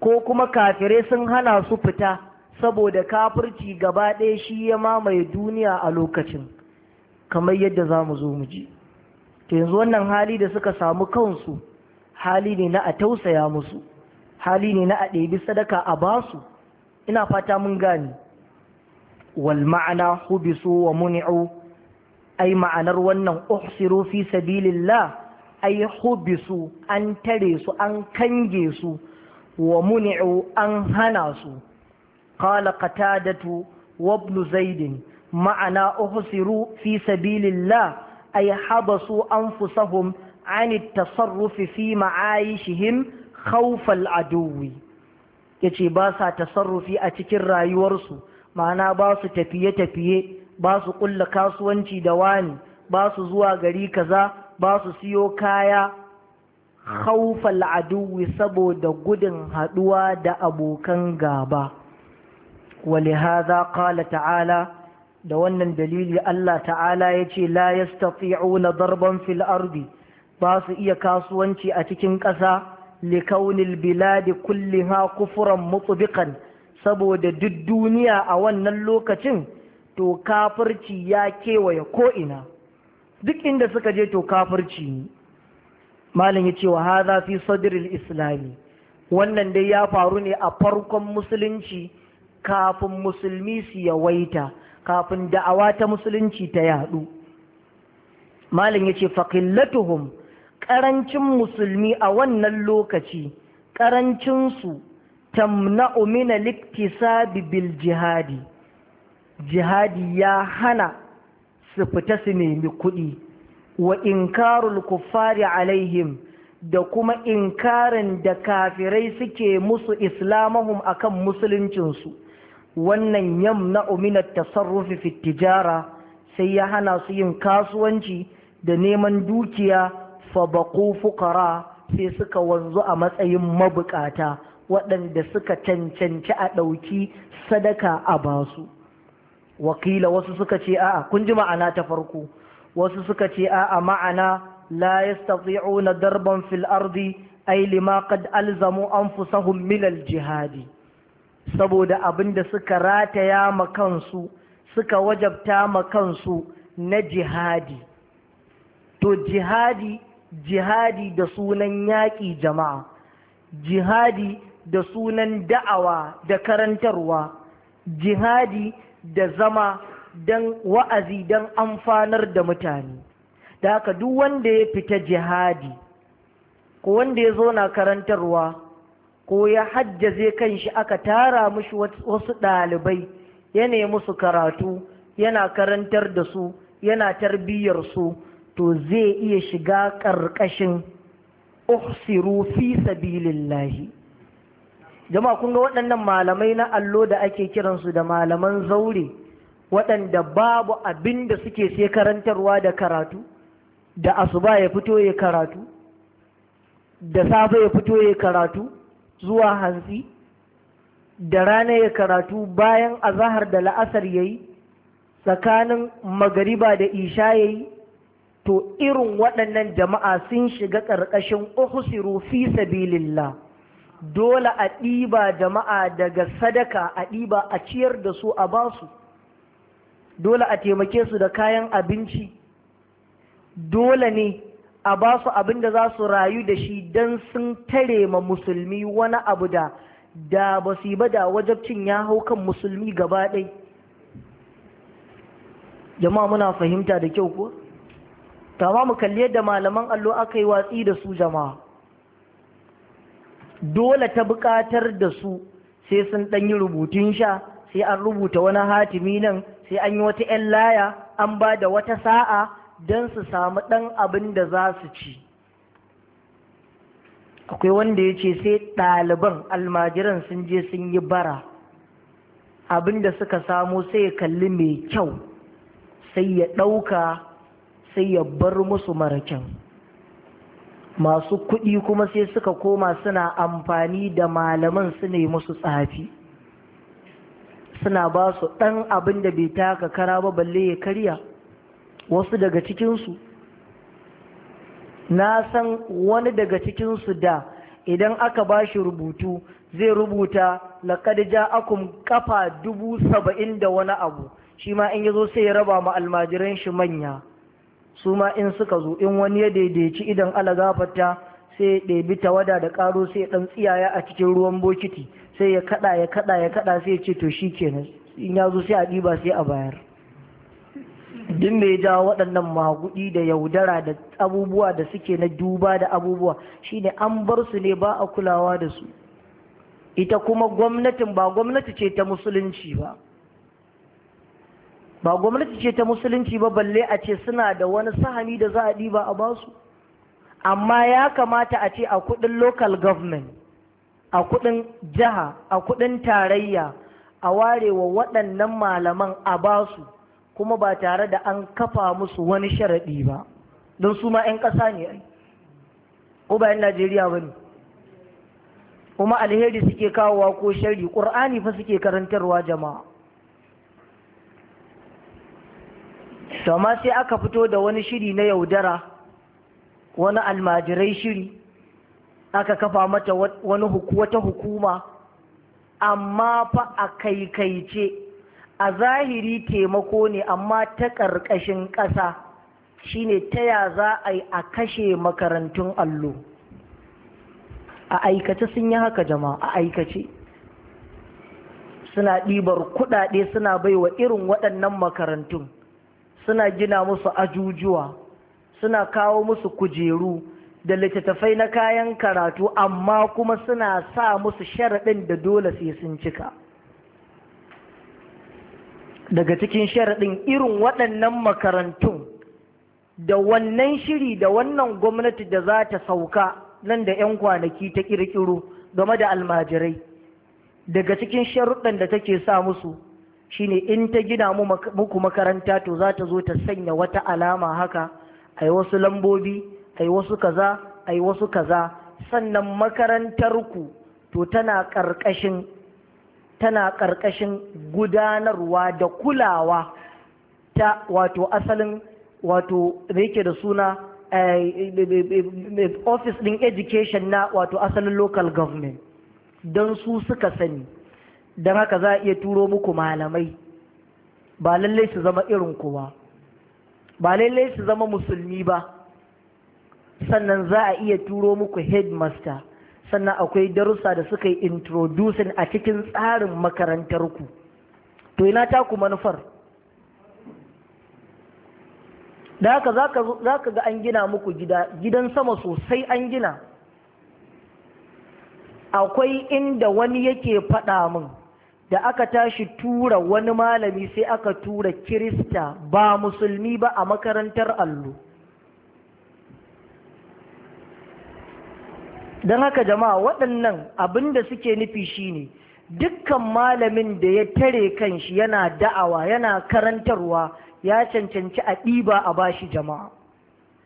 ko kuma kafirai sun hana su fita saboda kafirci gaba ɗaya shi ya mamaye duniya a lokacin kamar yadda za mu zo mu ji to yanzu wannan hali da suka samu kansu hali ne na a tausaya musu hali ne na a ɗebi sadaka a basu ina fata mun gani wal ma'ana hubisu wa muni'u ai ma'anar wannan uhsiru fi sabilillah ai hubisu an tare su an kange su wa muni'u an hana su قال قتادة وابن زيد معنا أحصروا في سبيل الله أي حبسوا أنفسهم عن التصرف في معايشهم خوف العدو yace ba sa tasarrufi a cikin rayuwarsu ma'ana ba su tafiye-tafiye ba su ƙulla kasuwanci da wani ba su zuwa gari kaza ba su siyo kaya khawfal aduwi saboda gudun haɗuwa da abokan gaba ولهذا قال تعالى da wannan dalili Allah ta'ala ya ce la yastati'una darban fil ardi ba su iya kasuwanci a cikin ƙasa likaunil biladi kulliha kufuran mutsubikan saboda duk duniya a wannan lokacin to kafirci ya kewaye ko'ina duk inda suka je to kafirci ne malam ya ce wa haza fi sadril islami wannan dai ya faru ne a farkon musulunci kafin musulmi su yawaita kafin da'awa ta musulunci ta yadu malin ce faqillatuhum ƙarancin musulmi a wannan lokaci ƙarancinsu su tamna'u mina bil jihadi jihadi ya hana su fita su nemi kuɗi wa inkarul kuffari alaihim da kuma inkarin da kafirai suke musu islamahum akan musuluncinsu wannan yamna min at-tasarruf tijara sai ya hana su yin kasuwanci da neman dukiya fa fukara sai suka wanzu a matsayin mabukata waɗanda suka cancanci a ɗauki sadaka a basu wakila wasu suka ce a'a kun ji ma'ana ta farko wasu suka ce a'a ma'ana la yastati'una darban fil ardi ay lima qad alzamu anfusahum min al jihadi saboda abin da suka rataya ma kansu suka wajabta ma kansu na jihadi to jihadi jihadi da sunan yaƙi jama'a jihadi da sunan da'awa da karantarwa jihadi da zama don wa'azi don amfanar da mutane da haka duk wanda ya fita jihadi ko wanda ya zo na karantarwa ko ya hajjaze shi aka tara mushi wasu ɗalibai ya nemi su karatu yana karantar da su yana tarbiyyar su to zai iya shiga ƙarƙashin uhsiru fi sabilillahi jama'a kun ga waɗannan malamai na allo da ake kiransu da malaman zaure waɗanda babu abin da suke sai karantarwa da karatu da asuba ya fito ya karatu da safe ya fito ya karatu zuwa hantsi da rana ya karatu bayan azahar da la'asar yayi tsakanin magariba da isha yayi to irin waɗannan jama'a sun shiga ƙarƙashin uhsiru fi sabilillah dole a ɗiba jama'a daga sadaka a ɗiba a ciyar da su a basu dole a taimake su da kayan abinci dole ne a ba su abin da za su rayu da shi don sun tare ma musulmi wani abu da da ba su yi ba da wajabcin ya hau kan musulmi gaba ɗai jama'a muna fahimta da kyau ko tama mu kalli yadda malaman allo aka yi watsi da su jama'a dole ta buƙatar da su sai sun ɗan yi rubutun sha sai an rubuta wani hatimi nan sai an yi wata 'yan laya an ba da wata sa'a don su samu ɗan abin da za su ci akwai wanda ya ce sai ɗaliban almajiran sun je sun yi bara abin da suka samu sai ya kalli mai kyau sai ya ɗauka sai ya bar musu mara kyau masu kuɗi kuma sai suka koma suna amfani da malaman su ne musu tsafi suna ba su ɗan abin da bai taka kara ba balle ya karya wasu daga cikinsu na san wani daga cikinsu da idan aka ba shi rubutu zai rubuta lakadija akum kafa dubu saba'in da wani abu shi ma in zo sai ya raba ma almajiran shi manya su ma in suka zo in wani ya daidaici idan ala gafarta sai ya ɗabi tawada da ƙaro sai ya ɗan tsiyaya a cikin ruwan bokiti sai ya kaɗa ya kaɗa ya kaɗa sai ya ce to shi kenan in ya zo sai a ɗiba sai a bayar din ya jawo waɗannan magudi da yaudara da abubuwa da suke na duba da abubuwa shine an bar su ne ba a kulawa da su ita kuma gwamnatin ba gwamnati ce ta musulunci ba ba gwamnati ce ta musulunci ba balle a ce suna da wani sahani da za a ɗiba a basu amma ya kamata a ce a kudin local government a kudin jiha a kudin tarayya a ware wa waɗannan malaman a basu kuma ba tare da an kafa musu wani sharaɗi ba don su ma 'yan ƙasa ne ai ko ba najeriya ba ne kuma alheri suke kawowa ko shari ƙur'ani fa suke karantarwa jama'a amma sai aka fito da wani shiri na yaudara wani almajirai shiri aka kafa mata wani wata hukuma amma fa a kaikaice a zahiri taimako ne amma ta ƙarƙashin ƙasa shine ta ya za a yi a kashe makarantun allo a aikace sun yi haka jama'a a aikace suna ɗibar kuɗaɗe suna baiwa irin waɗannan makarantun suna gina musu ajujuwa suna kawo musu kujeru da littattafai na kayan karatu amma kuma suna sa musu sharaɗin da dole sai sun cika daga cikin sharaɗin irin waɗannan makarantun da wannan shiri da wannan gwamnati da za ta sauka nan da 'yan kwanaki ta ƙirƙiro game da almajirai daga cikin sharuɗan da take sa musu shine in ta gina muku makaranta to za ta zo ta sanya wata alama haka ai wasu lambobi ai wasu kaza ai wasu kaza sannan makarantarku to tana ƙarƙashin tana ƙarƙashin gudanarwa da kulawa ta wato asalin wato da yake da suna eh, office ɗin education na wato asalin local government don su suka sani don haka za a iya turo muku malamai ba lallai su zama irin ba ba lallai su zama musulmi ba sannan za a iya turo muku headmaster sannan akwai darussa da suka yi introducing a cikin tsarin makarantarku to ina taku manufar da haka za ka ga an gina muku gida gidan sama sosai an gina akwai inda wani yake faɗa min da aka tashi tura wani malami sai aka tura kirista ba musulmi ba a makarantar allo don haka jama'a waɗannan abin da suke nufi shine dukkan malamin da ya tare shi yana da'awa yana karantarwa ya cancanci a ɗiba a bashi jama'a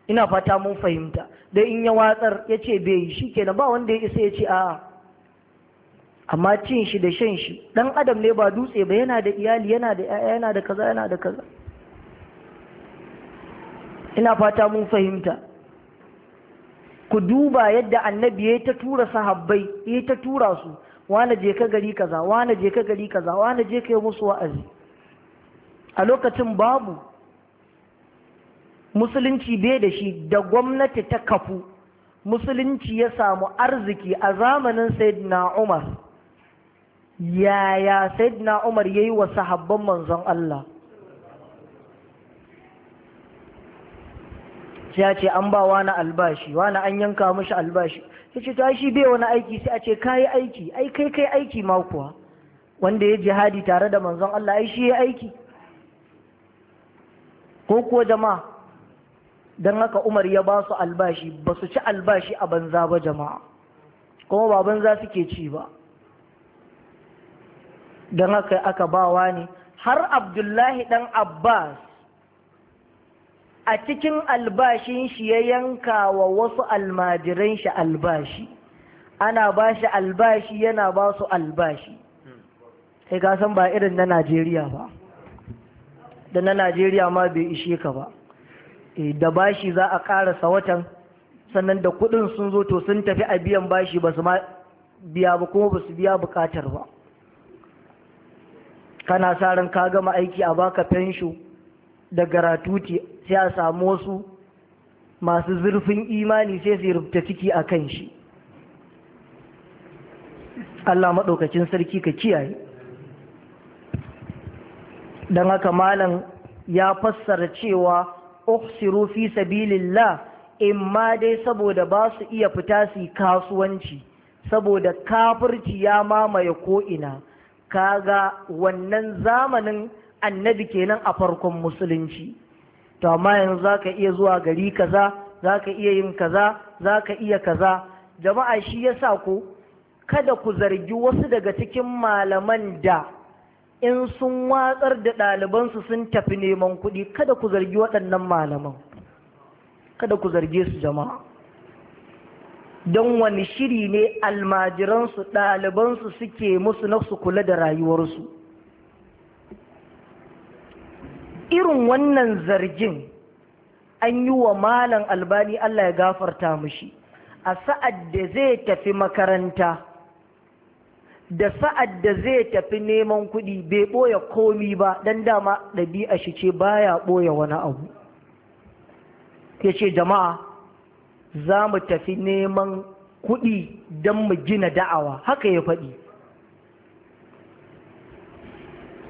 ina fata mun fahimta da in ya watsar ya ce bai yi shi ba wanda ya isa ya ce a'a amma cin shi da shan shi ɗan adam ne ba dutse ba yana da iyali yana da 'ya'ya yana da kaza yana da kaza ina fata mun fahimta ku duba yadda annabi ya ta tura sahabbai ya ta tura su wane je ka gari kaza wane je ka gari kaza wane je ka yi musu wa'azi a lokacin babu musulunci bai da shi da gwamnati ta kafu musulunci ya samu arziki a zamanin sayyidina umar yaya sayyidina umar ya yi wa sahabban manzon Allah sai ya ce an ba na albashi wani an yanka mashi albashi ya ce tashi bai wani aiki sai a ce ka yi aiki ai kai kai aiki ma kuwa wanda ya jihadi tare da manzon Allah ai shi ya aiki ko kuwa jama'a don haka umar ya ba su albashi ba su ci albashi a banza ba jama'a kuma ba banza suke ci ba don haka aka bawa ne har abdullahi dan abbas a cikin albashin shi ya yanka wa wasu almajiran shi albashi ana ba shi albashi yana ba su albashi sai ka san ba irin na najeriya ba da na najeriya ma bai ishe ka ba eh, da bashi za a sa watan sannan da kuɗin sun zo to sun tafi a biyan bashi ba su ma biya ba kuma ba su biya bukatar ba kana sa ran ka gama aiki a baka fensho da garatuti sai a samu wasu masu zurfin imani sai su rubuta ciki a kan shi Allah maɗaukacin sarki ka kiyaye don haka malam ya fassara cewa uhsiru fi sabilillah in ma dai saboda ba su iya fita su kasuwanci saboda kafirci ya mamaye ko'ina kaga wannan zamanin annabi kenan a farkon musulunci to amma yanzu za ka iya zuwa gari kaza za ka iya yin kaza za ka iya kaza jama'a shi ya sa ku kada ku zargi wasu daga cikin malaman da in sun watsar da ɗalibansu sun tafi neman kuɗi kada ku zargi waɗannan malaman kada ku zarge su jama'a don wani shiri ne almajiransu ɗalibansu suke musu na su kula da rayuwarsu irin wannan zargin an yi wa malam albani Allah ya gafarta mushi a sa'ad da zai tafi makaranta da sa'ad da zai tafi neman kuɗi bai ɓoye komi ba don dama ɗabi'a shi ce baya ɓoye wani abu ya ce jama'a za mu tafi neman kuɗi don mu gina da'awa haka ya faɗi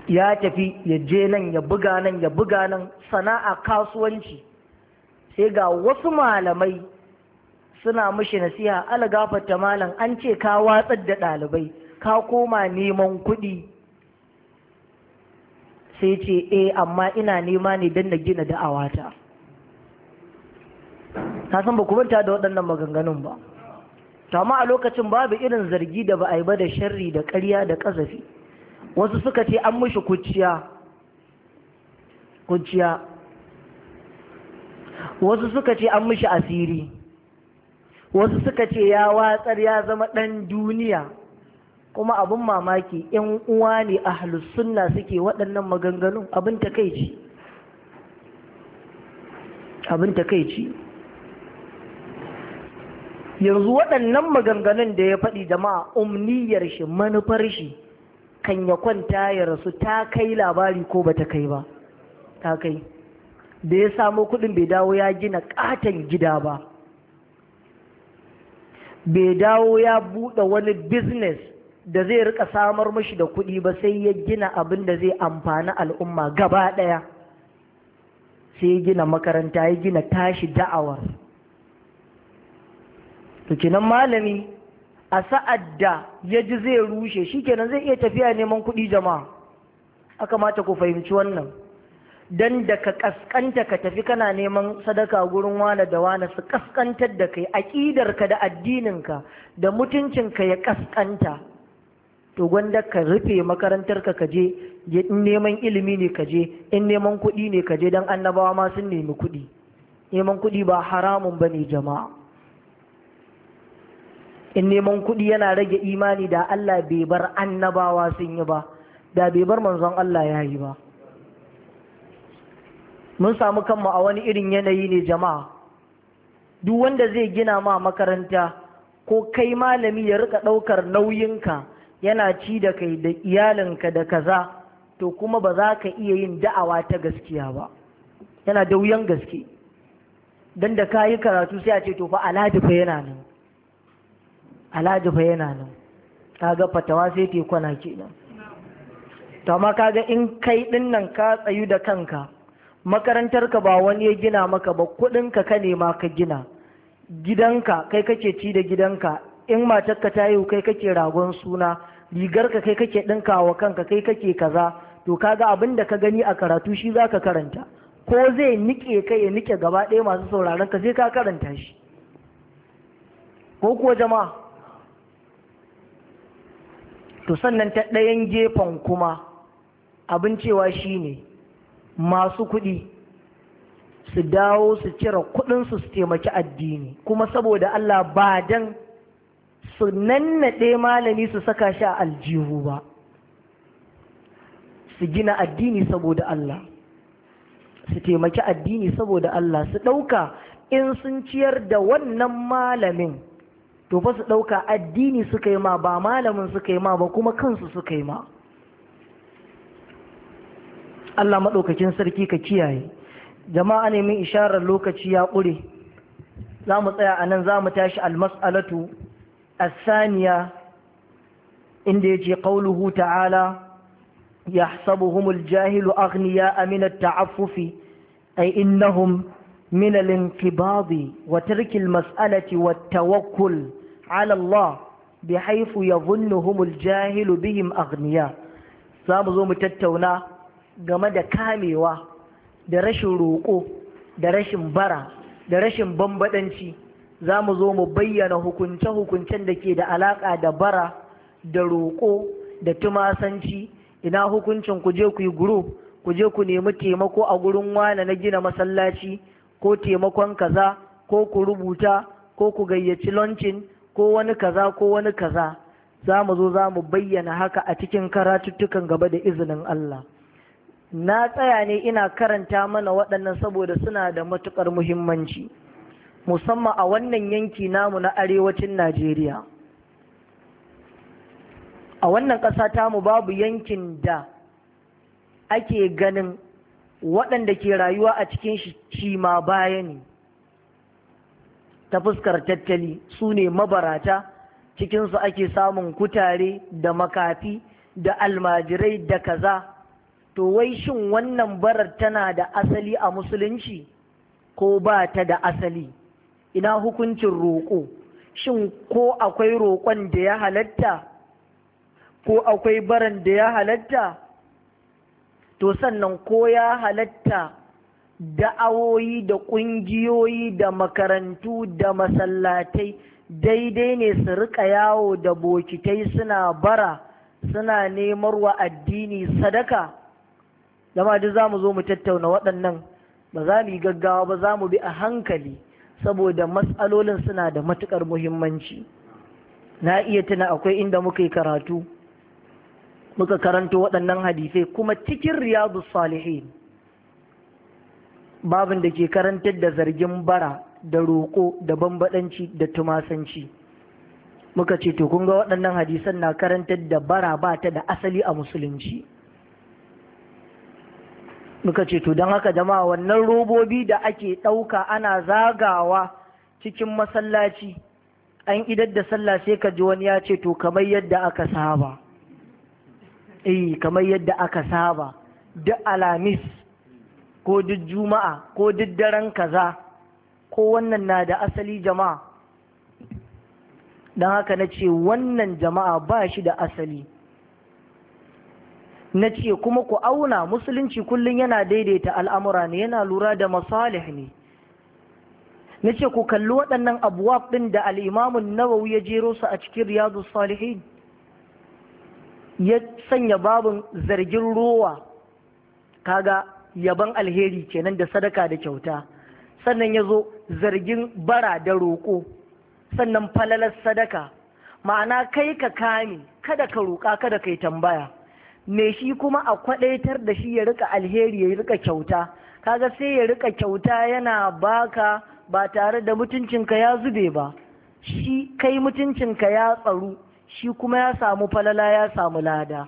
ya tafi ya je nan ya buga nan ya buga nan sana'a kasuwanci sai ga wasu malamai suna mishi nasiha algafarta malam an ce ka watsar da ɗalibai ka koma neman kuɗi sai ce eh amma ina nema ne don na gina da'awata na san ba ku manta da waɗannan maganganun ba to amma a lokacin babu irin zargi da ba a yi ba da sharri da ƙarya da ƙazafi wasu suka ce an mushi kuciya kuciya wasu suka ce an mushi asiri wasu suka ce ya watsar ya zama ɗan duniya kuma abin mamaki yan uwa ne a halussunna suke waɗannan maganganu abin ta takaici abin ta takaici yanzu waɗannan maganganun da ya faɗi jama'a umniyar shi manufar shi kan ya kwanta ya rasu ta kai labari ko bata kai ba ta kai da ya samo kudin bai dawo ya gina katon gida ba bai dawo ya buɗe wani business da zai rika samar mashi da kuɗi ba sai ya gina abin da zai amfani al'umma gaba ɗaya sai ya gina makaranta ya gina tashi da'awar tukinan malami a sa'ad da ya ji zai rushe shi kenan zai iya tafiya neman kuɗi jama'a A kamata ku fahimci wannan dan da ka kaskanta ka tafi kana neman sadaka gurin wane da wane su kaskantar da kai ka da addininka da mutuncinka ya kaskanta to gwanda ka rufe makarantar ka kaje in neman ilimi ne kaje in neman kuɗi ne kaje dan annabawa ma sun nemi kuɗi neman kuɗi ba haramun ba ne jama'a in neman kuɗi yana rage imani da Allah bai bar annabawa sun yi ba da bai bar manzon Allah ya yi ba mun samu kanmu a wani irin yanayi ne jama'a duk wanda zai gina ma makaranta ko kai malami ya rika ɗaukar nauyinka yana ci da kai da iyalinka da kaza to kuma ba za ka iya yin da'awa ta gaskiya ba yana da wuyan gaske don da ka yi karatu sai a ce to fa Aladu fa yana nan alhaji fa yana nan kaga fatawa sai ke kwana kenan to amma kaga in kai din nan ka tsayu da kanka makarantar ka ba wani ya gina maka ba kudin ka ka nema ka gina gidanka kai kake ci da gidanka in matarka ta yiwu kai kake ragon suna rigar ka kai kake ɗinka wa kanka kai kake kaza to kaga abin da ka gani a karatu shi zaka karanta ko zai niƙe ka ya nike gaba ɗaya masu sauraron ka sai ka karanta shi ko kuwa jama'a to sannan ta ɗayan gefen kuma abin cewa shi ne, masu kuɗi su dawo su cire kuɗinsu su taimaki addini kuma saboda Allah ba dan su nannaɗe malami su saka shi a aljihu ba su gina addini saboda Allah su taimaki addini saboda Allah su ɗauka in sun ciyar da wannan malamin to fa su ɗauka addini suka yi ma ba malamin suka yi ma ba kuma kansu suka yi ma Allah maɗaukakin sarki ka kiyaye jama'a ne min isharar lokaci ya ƙure za mu tsaya a nan za mu tashi almas'alatu asaniya inda ya ce ƙauluhu ta'ala ya humul jahilu agniya aminat ta'affufi ay innahum من الانقباض وترك المسألة والتوكل على الله بحيث يظنهم الجاهل بهم أغنياء سامزو متتونا جمد كاميوا درش روقو درش برا درش بمبتنشي za mu zo mu bayyana hukunce-hukuncen da ke da alaƙa da bara da roƙo da tumasanci ina hukuncin ku je ku ku je ku nemi taimako a gurin wani na gina masallaci ko taimakon kaza ko ku rubuta ko ku gayyaci lancin ko wani kaza ko wani kaza za mu zo za mu bayyana haka a cikin karatuttukan gaba da izinin Allah na tsaya ne ina karanta mana waɗannan saboda suna da matuƙar muhimmanci musamman a wannan yanki namu na arewacin Najeriya a wannan ƙasa tamu babu yankin da ake ganin waɗanda ke rayuwa a cikin shi ma baya ne ta fuskar tattali su ne mabarata cikinsu ake samun kutare da makafi da almajirai da kaza to wai shin wannan barar tana da asali a musulunci ko ba ta da asali ina hukuncin roƙo shin ko akwai roƙon da ya halatta ko akwai baran da ya halatta to sannan ko ya halatta da'awoyi da ƙungiyoyi da makarantu da masallatai daidai ne su rika yawo da bokitai suna bara suna nemar wa addini sadaka dama duk za mu zo mu tattauna waɗannan ba za mu yi gaggawa ba za mu bi a hankali saboda matsalolin suna da matuƙar muhimmanci na iya tuna akwai inda muka yi karatu muka karanto waɗannan hadisai kuma cikin riyadu salihin babin da ke karantar da zargin bara da roƙo da bambaɗanci da tumasanci muka ce to kun ga waɗannan hadisan na karantar da bara ba ta da asali a musulunci muka ce to don haka jama'a wannan robobi da ake ɗauka ana zagawa cikin masallaci an idar da sallah sai ka ji wani ya ce to kamar yadda aka saba eh kamar yadda aka saba duk alamis ko duk juma'a ko duk daren kaza ko wannan na da asali jama'a don haka na ce wannan jama'a ba shi da asali na ce kuma ku auna musulunci kullum yana daidaita al'amura ne yana lura da masalih ne na ce ku kalli waɗannan abuwa ɗin da al'imamun nawawi ya jero su a cikin riyadu salihin ya sanya babin zargin rowa kaga yaban alheri kenan da sadaka da kyauta sannan ya zo zargin bara da roƙo sannan falalar sadaka ma'ana kai ka kame kada ka roƙa kada kai tambaya me shi kuma a kwaɗaitar da shi ya rika alheri ya rika kyauta kaga sai ya rika kyauta yana baka ba tare da mutuncinka ya zube ba shi kai mutuncinka ya tsaru shi kuma ya samu falala ya samu lada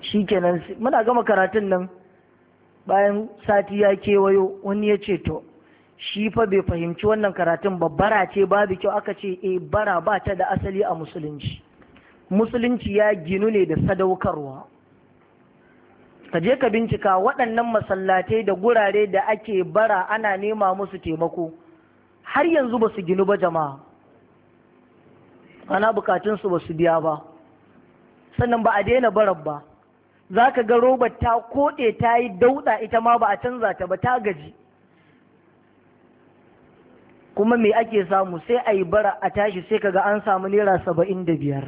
shi kenan muna gama karatun nan bayan sati ya kewayo wani ya ce to shi fa bai fahimci wannan karatun ba bara ce babu kyau aka ce e bara ba ta da asali a musulunci musulunci ya ginu ne da sadaukarwa ka je ka bincika waɗannan masallatai da gurare da ake bara ana nema musu taimako har yanzu ba su ginu ba jama'a Ana bukatunsu ba su biya ba sannan ba a daina barar ba za ka ga robar ta koɗe ta yi dauɗa ita ma ba a canza ta ba ta gaji kuma me ake samu sai a yi bara a tashi sai ka ga an samu naira saba'in da biyar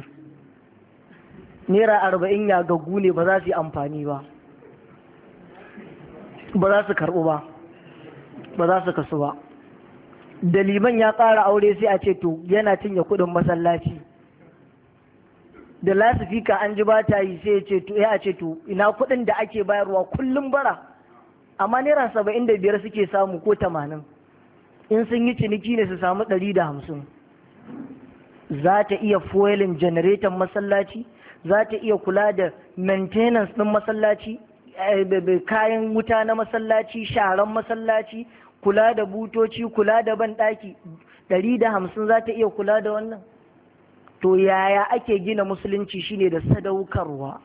naira arba'in ya gaggu ne ba za su yi amfani ba ba za su karɓu ba ba za su kasu ba da liman ya ƙara aure sai a ce to yana cinye kuɗin masallaci da lasifika an ji ba ta yi sai ce to ya ce to ina kuɗin da ake bayarwa kullum bara amma naira saba'in da biyar suke samu ko tamanin in sun yi ciniki ne su samu ɗari da hamsin za ta iya foilin janaretan masallaci za ta iya kula da maintenance ɗin masallaci eh, kayan wuta na masallaci sharan masallaci kula da butoci kula da banɗaki ɗari da hamsin za ta iya kula da wannan to yaya ake gina musulunci shine da sadaukarwa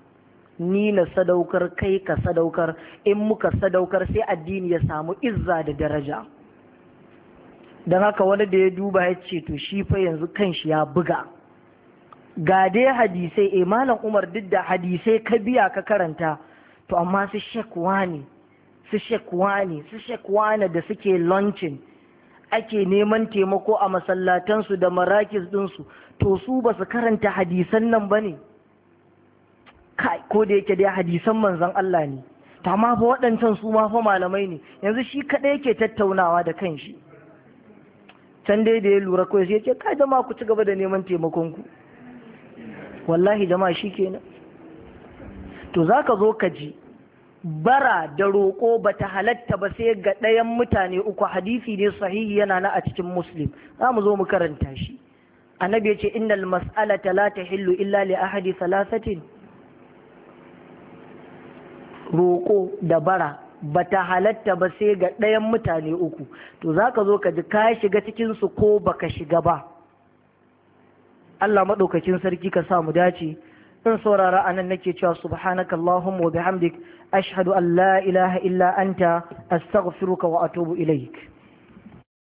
ni na sadaukar kai ka sadaukar in muka sadaukar sai addini ya samu izza da daraja don haka wani da ya duba ya ce to shi fa yanzu kanshi ya buga ga dai hadisai eh malam umar duk da hadisai ka biya ka karanta to amma su shekwa ne su ne su ne da suke launching ake neman taimako a masallatansu da marakis ɗinsu to su ba su karanta hadisan nan ba ne ko da yake dai hadisan manzan Allah ne ta ma fa waɗancan su ma fa malamai ne yanzu shi kaɗai yake tattaunawa da kan shi can dai da ya lura kawai sai ya ce ka jama'a ku ci gaba da neman taimakon ku wallahi jama'a shi kenan to za ka zo ka ji bara da roƙo ba ta halatta ba sai ga ɗayan mutane uku hadisi ne sahihi yana na a cikin muslim za mu zo mu karanta shi annabi ya ce innal mas'alata la tahillu illa li ahadi salasatin roƙo da bara ba ta halatta ba sai ga ɗayan mutane uku to za ka zo ka ji ka shiga cikin su ko baka shiga ba Allah maɗaukakin sarki ka sa mu dace in saurara a nan nake cewa subhanaka Allahumma wa bihamdik ashhadu an la ilaha illa anta astaghfiruka wa atubu ilaik